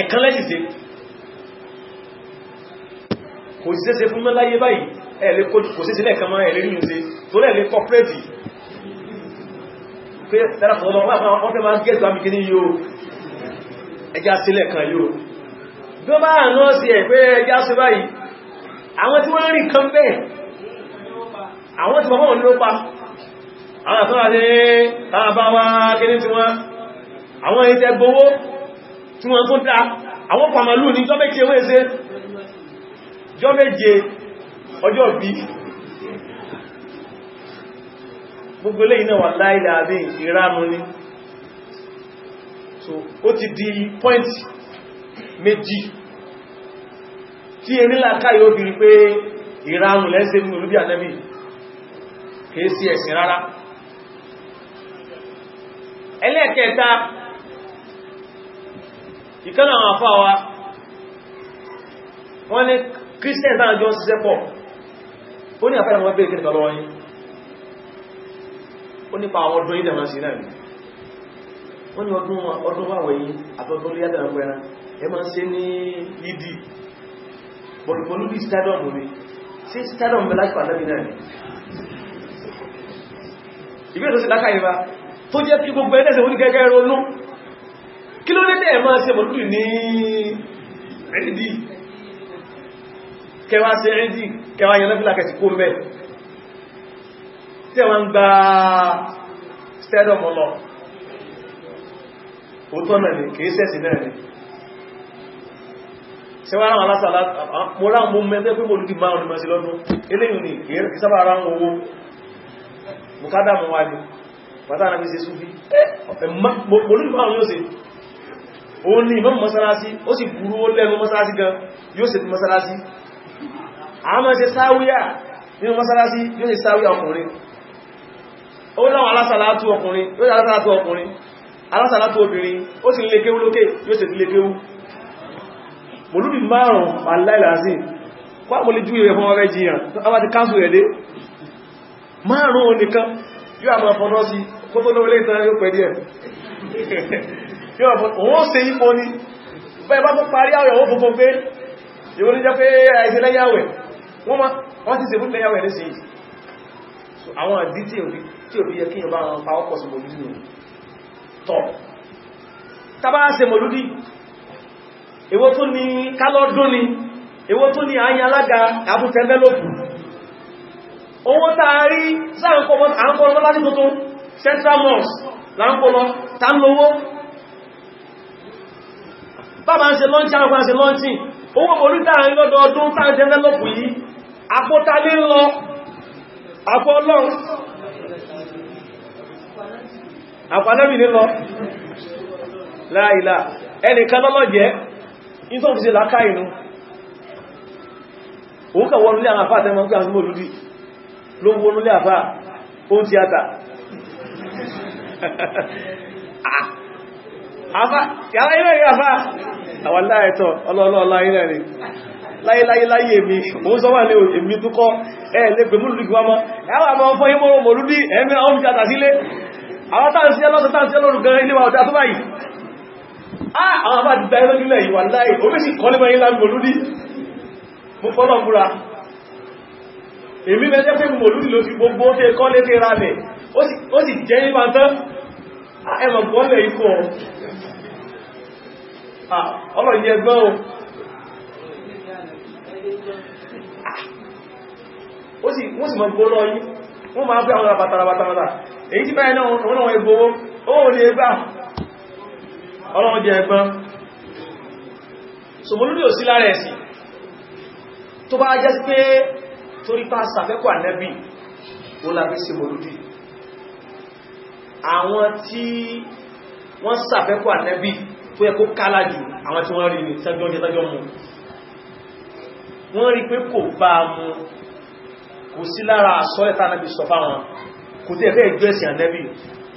ẹ̀kan lẹ́sì sí kò sí ṣeéṣe fún mẹ́láyé báyìí ẹ̀lẹ́ kò sí sílẹ̀ kan mọ́ ẹ̀lẹ́ nínú sí tó lẹ́lẹ́ kọ́pẹ́ẹ̀tì pé tẹ́lá fọ́lọ́ wọ́n fẹ́ máa gẹ́ẹ̀tù àmì kìíní yóò ẹjá sílẹ̀ kan yóò bí ó bá àná sí ẹ̀ pé ẹjá sí báyìí àwọn tí wọ́n rìn kan bẹ́ẹ̀ àwọn tí wọ́n ní ó pa àwọn àtúnwà ní tàbá wá kìíní tí wọ́n àwọn èyí tẹ gbowó tí wọ́n tó dá àwọn pàmàlú ní jọ méje wéèṣe jọ méje ọjọ́ bí gbogbo lẹ́yìn náà wà láìlà àbí ìránu ní so ó ti di point méjì tí enílà káyọ̀ obìnrin pé ìránu lẹ́sẹ̀ ní olúbí ànẹ́bì kìí sí ẹ̀sìn rárá ẹlẹ́ẹ̀kẹta ìkánà àwọn àfá wa wọ́n ní christian tánà jọ ń ṣiṣẹ́ pọ̀ ó ní àfáà wọn bèèrè kí nìkan lọ́wọ́ yín ó nípa àwọn ọdún yìí dẹ̀mọ́ sí náà ni wọ́n ní ọdún wàwẹ̀ yìí àtọ́dún lé yàtọ̀ ẹran ẹ máa ń ṣe ní ìdí bọ̀lùbọ̀lù bí stadium ni sí stadium bẹ láti pàdánù náà ni ìbéèrè tó sì lákàyè bá tó jẹ́ kí gbogbo kí ló dédé ẹ̀mọ́ ṣe mọ̀lúdù ní ẹ̀dì kẹwa ṣe ẹ̀dì kẹwa yẹn lọ́fílà kẹsì kó mẹ́ tí wọ́n ń gba stẹ́dọ̀mù lọ òótọ́ náà ni kìí sẹ́sì náà ni ṣe wá ráwọn alásàlá mo ráwọn mo mẹ́fẹ́ pé mọ̀lúdù márùn ni kìí sábà ráwọn owó bùkádà mọ́ wáyé pàtàkì sí súfí mọ̀lúdù márùn yóò sí òun ni ìmọ̀ mọ́sálásí ó sì burú ó lẹ́nu mọ́sálásí gan yóò sì mọ́sálásí àmọ́ ṣe sáwíyà nínú mọ́sálásí yóò sì sáwíyà ọkùnrin ó láwọn alásàlátú ọkùnrin yóò sì alásàlátú ọkùnrin alásàlátú obìnrin ó sì lè kéwú lókè yóò sì lè kéwú mòlúbì márùn-ún aláìlàzín wà mo lè jú ìrẹ̀ fún ọrẹ́ jiyàn àwọn ti káńsù rẹ̀ dé márùn-ún nìkan yóò àmọ́ fọ́nà sí kó tó lọ́wọ́lé ìtàn yóò pẹ̀ díẹ̀ òun ṣe ipò ní bẹ́ẹ̀ bá tó parí àwẹ̀ òun fòfò pé ìwò ní jẹ́ pé àìsí lẹ́yàwẹ̀ wọ́n ti sèbú lẹ́yàwẹ̀ ní sí àwọn àdí tí òbí yẹ kí yọ bá wọn pa ọkọ̀ sí mọ̀lúdí ní tọ́ tàbá ṣe mọ̀lúdí èwo tó ní kálọ́dún ni èwo tó ní àyà alága àbútẹ́mẹ́lòpù owó tààrí sáàkọ́ bàbá ń ṣe lọ́nchí àwọn àṣẹ lọ́nchí owó olúta àrin lọ́dọọdún táà dẹ́lẹ́lọ́pù yìí àpótálé ń lọ àpọ́lọ́n àpàlẹ́mì ní lọ láìlá ẹnìkan lọ́lọ́jẹ́ ìtọ́fisì láká inú òun kà wọnúlé àwọn àfáà tẹ́mọ́ pé àwọn olùdí ló wọnúlé àfáà ó ń tíátà ị yàrá ilẹ̀ rí àfá àwọn rí láyéláyéláyé mi òun sọ wà ní èmi tó kọ́ ẹ̀ẹ́lẹ́ pẹ̀lú ìgbà mọ́ ẹwà sílé àwọn gan ilé wa tó báyìí àwọn bá ti kọ́ ní mọ́yí láti mọ̀lúdí mú fọ́nà múra èmi mẹ́jẹ́ pé ló fi gbogbo ó kọ́ lé ọlọ́ yẹ gbọ́n o ó sì wọ́n sì mọ̀ gbóná yí wọ́n máa fẹ́ àwọn àbátarabatamata èyí tí báyẹ̀ náà wọ́n náà egbówó ó lè gbà ọlọ́run jẹ ẹ̀gbọ́n sòmòlúdí ò sí lára ẹ̀sì tó bá jẹ́ pé torí pa sàfẹ́kọ̀ ànẹ́bì ó lábí sòmòlúdí àwọn tí wọ́n sàfẹ́kọ̀ ànẹ́bì tó yẹ kó kálá jù àwọn tí wọ́n rí ní sẹ́jọ́ jẹ́ sẹ́jọ́ mú wọ́n rí pé kò bá mú kò sí lára àsọ́lẹ̀ta náà bí sọ fáwọn kò tí ẹ̀fẹ́ ìjọ ẹ̀sìn ànẹ́bì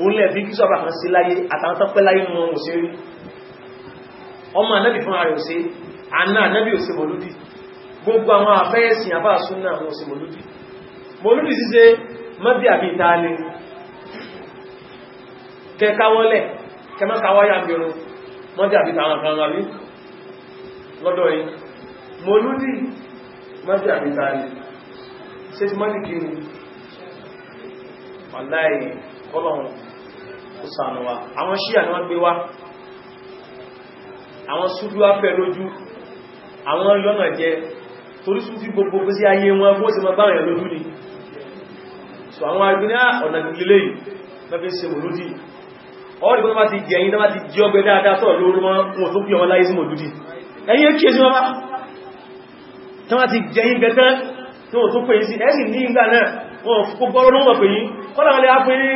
orílẹ̀ bí kíso àbàkan sí láyé àtàwọn tán pẹ́ láyé mú wọn òsè rí ọmọ ànẹ́bì fún ààrẹ òsè àná mọ́jà àti tàwọn kan rárí lọ́dọ̀ yìí mọ́lúdì mọ́jà àti tàrí ṣe ti mọ́lì kí ni wàláì kọlọ̀run ó sànà wa àwọn ṣíà ni wọ́n gbé wá àwọn súfí wá fẹ́ lójú àwọn yọ́nà jẹ torí súfí gbogbo sí ayé wọn bó ṣe máa báyẹ̀ lójú ni so àwọn agbínà ọ̀nà ìlélẹ́yìn lọ́fẹ́ ṣe mọ̀lúdì ọ̀rọ̀ ìbọn bá ti jẹ ẹ̀yìn tó bá ti jẹ ọgbẹ̀ dáadáa tọ́ lórí wọn wọn tó pí ọmọ láyé sí mọ̀lúdí ẹ̀yìn kí èsì wọn bá tó bá ti jẹ ẹ̀yìn gẹ̀tán tí wọ́n tó pè sí ẹ̀sì ní ìgbà náà wọ́n fún gbọ́rọ̀ lọ́wọ́ pè yí kọ́lá wọn lè á pè ní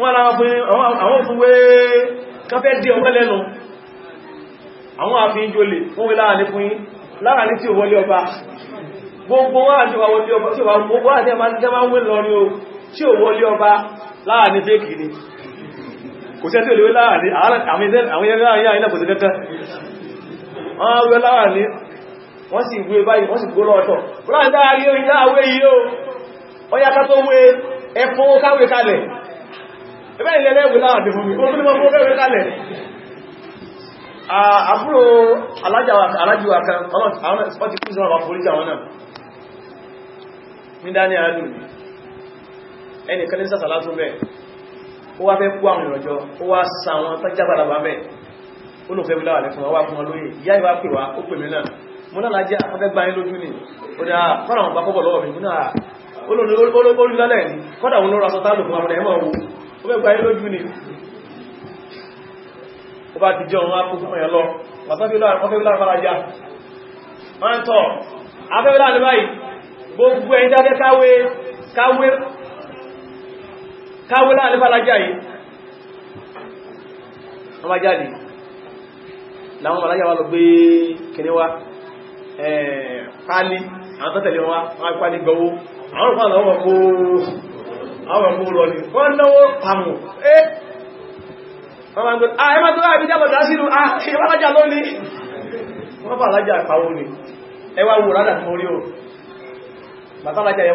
wọ́n láwọn pè àwọn òfúwé káfẹ́ dí ọgbẹ́ lẹ́nu àwọn àfihàn jólè wọ́n wé láàrín fún yí láàrín tí ò wọlé ọba gbogbo wọn àti wà wọlé ọba tí ò wà wọlé ọba láàrin fèkì ni kò sẹ́ tí ò lè àwọn láàrin àwọn ẹgbẹ́ láàrin àìlẹ́ kò sí kẹta wọ́n wé láàrin wọ́n sì wé báyìí wọ́n sì gbó lọ́ọ̀tọ̀ láàrin dáàrí orí dáàwé yìí ká tó wé ẹfún ẹgbẹ́ àwọn ẹnìkan ní sàsàlá tún bẹ́ ó wá fẹ́ kú àwọn ìrọ̀jọ́ ó wá sa tó jábàlá bá bẹ́ ó lò fẹ́ bí láwàlẹ́ fún wa fún wọn lóye ìyá ìwà pè wá ó pè mí náà mo náà lájá afẹ́fẹ́ gba yín lójú ni ó dá fọ́nà àwọn bàbọ̀ lọ́wọ́ mi mo náà olólùlọ́lẹ̀ ni kọ́dà wọn lọ́rọ̀ asọ́tá lò fún àwọn ẹ̀mọ̀ wo ó fẹ́ gba yín lójú ni ó bá ti jẹ́ òun á kó fún ẹ̀yàn lọ wàtọ́fẹ́ lára fara já káwọ́ láàrin fàlájá yìí wọ́n má jáde láwọn fàlájá wá lọ gbé kìníwá pálí àwọn tọ́tẹ̀lẹ̀ wá wọ́n pálí gbọ́wó àwọn òfin àwọn ọmọ rọ ni wọ́n náwó pàmù ẹ́ wọ́n má ń gbé ah ẹ má tó láàrin jábọ̀ dá sínú ah ìfàlájá lónìí wọ́n fàlájá ni ẹ wá wò rádà mọ́rí o bàtàlájá ẹ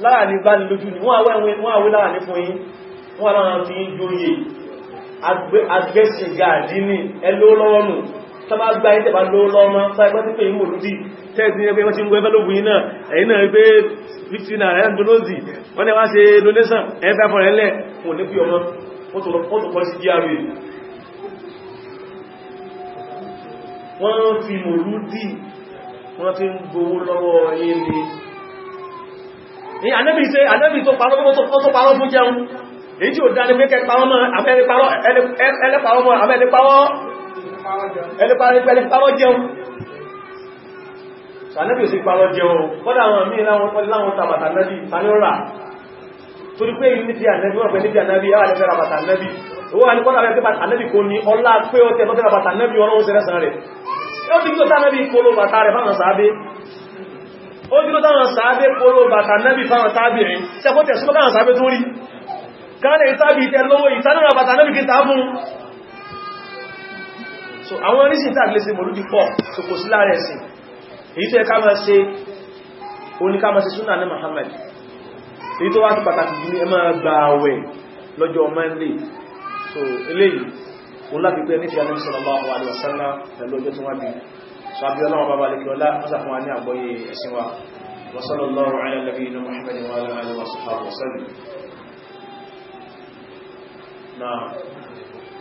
lára ní bá ní lójú ní wọ́n àwẹ́ lára ní fún yí wọ́n lára fi ń jóye agbẹ́ṣẹ̀gà àdínì ẹlọ́lọ́ọ̀nù tọ́bá gba ẹ́ tẹ́bá lọ́lọ́ọ̀mọ́ sáyẹ́gbọ́n tí pé ìmò lúdí tẹ́ẹ̀dì ẹgbẹ́ wọ́n ti ń gbẹ́fẹ́ lóògùn iná ẹ̀yìn náà gbé 15 naira ẹ̀ ń donóòzì wọ́n ni wá ṣe donation ẹ̀fẹ́ fọ́rẹ́lẹ̀ wọ́n ní pí ọmọ ń gbowó lọ́wọ́ yé ni Eh, ní anẹ́bì ṣe anẹ́bì tó parọ́ fún jẹun èyí tí ó dá ní pé kẹparọ́ jẹun sànẹ́bì ò sí parọ́ jẹun kọ́dá àwọn míì láwọn tàbàtà nẹ́bì sanúrà torí pé ìlú ti ànẹ́bì wọ́n pẹ̀ níbi ànẹ́bì àwọn àlẹ́fẹ́ rabàtà nẹ́bì owó àníkọ́nà rẹ̀ pípa ànẹ́bì kò ní ọlá pé ó tẹ́ ó dúró táwọn sàábé polo bàtà náàbì fáwọn tábìrin sẹ́kọ́tẹ̀ súnmọ́ káwọn sàábé tó rí káàlẹ̀ ìtàbí ìtẹ́ lówó ìtànára bàtà náàbì kí tàbùn so àwọn orísìn tàbí lè ṣe mọ̀lúdí pọ̀ so kò sí láàrẹ ẹ̀sìn èyí tó ẹ ká máa ṣe oníká máa ṣe súnà ní Muhammad èyí tó wá tó pàtàkì jù ní ẹ máa gba àwẹ̀ lọ́jọ́ sàbí ọlọ́wọ́ bàbá lèkẹ́ ọlá mọ́sàfún wa ní àgbọ́yé ẹ̀sìn wa wasallallahu ala nabiyina muhammadin wa ala alihi wa sahbihi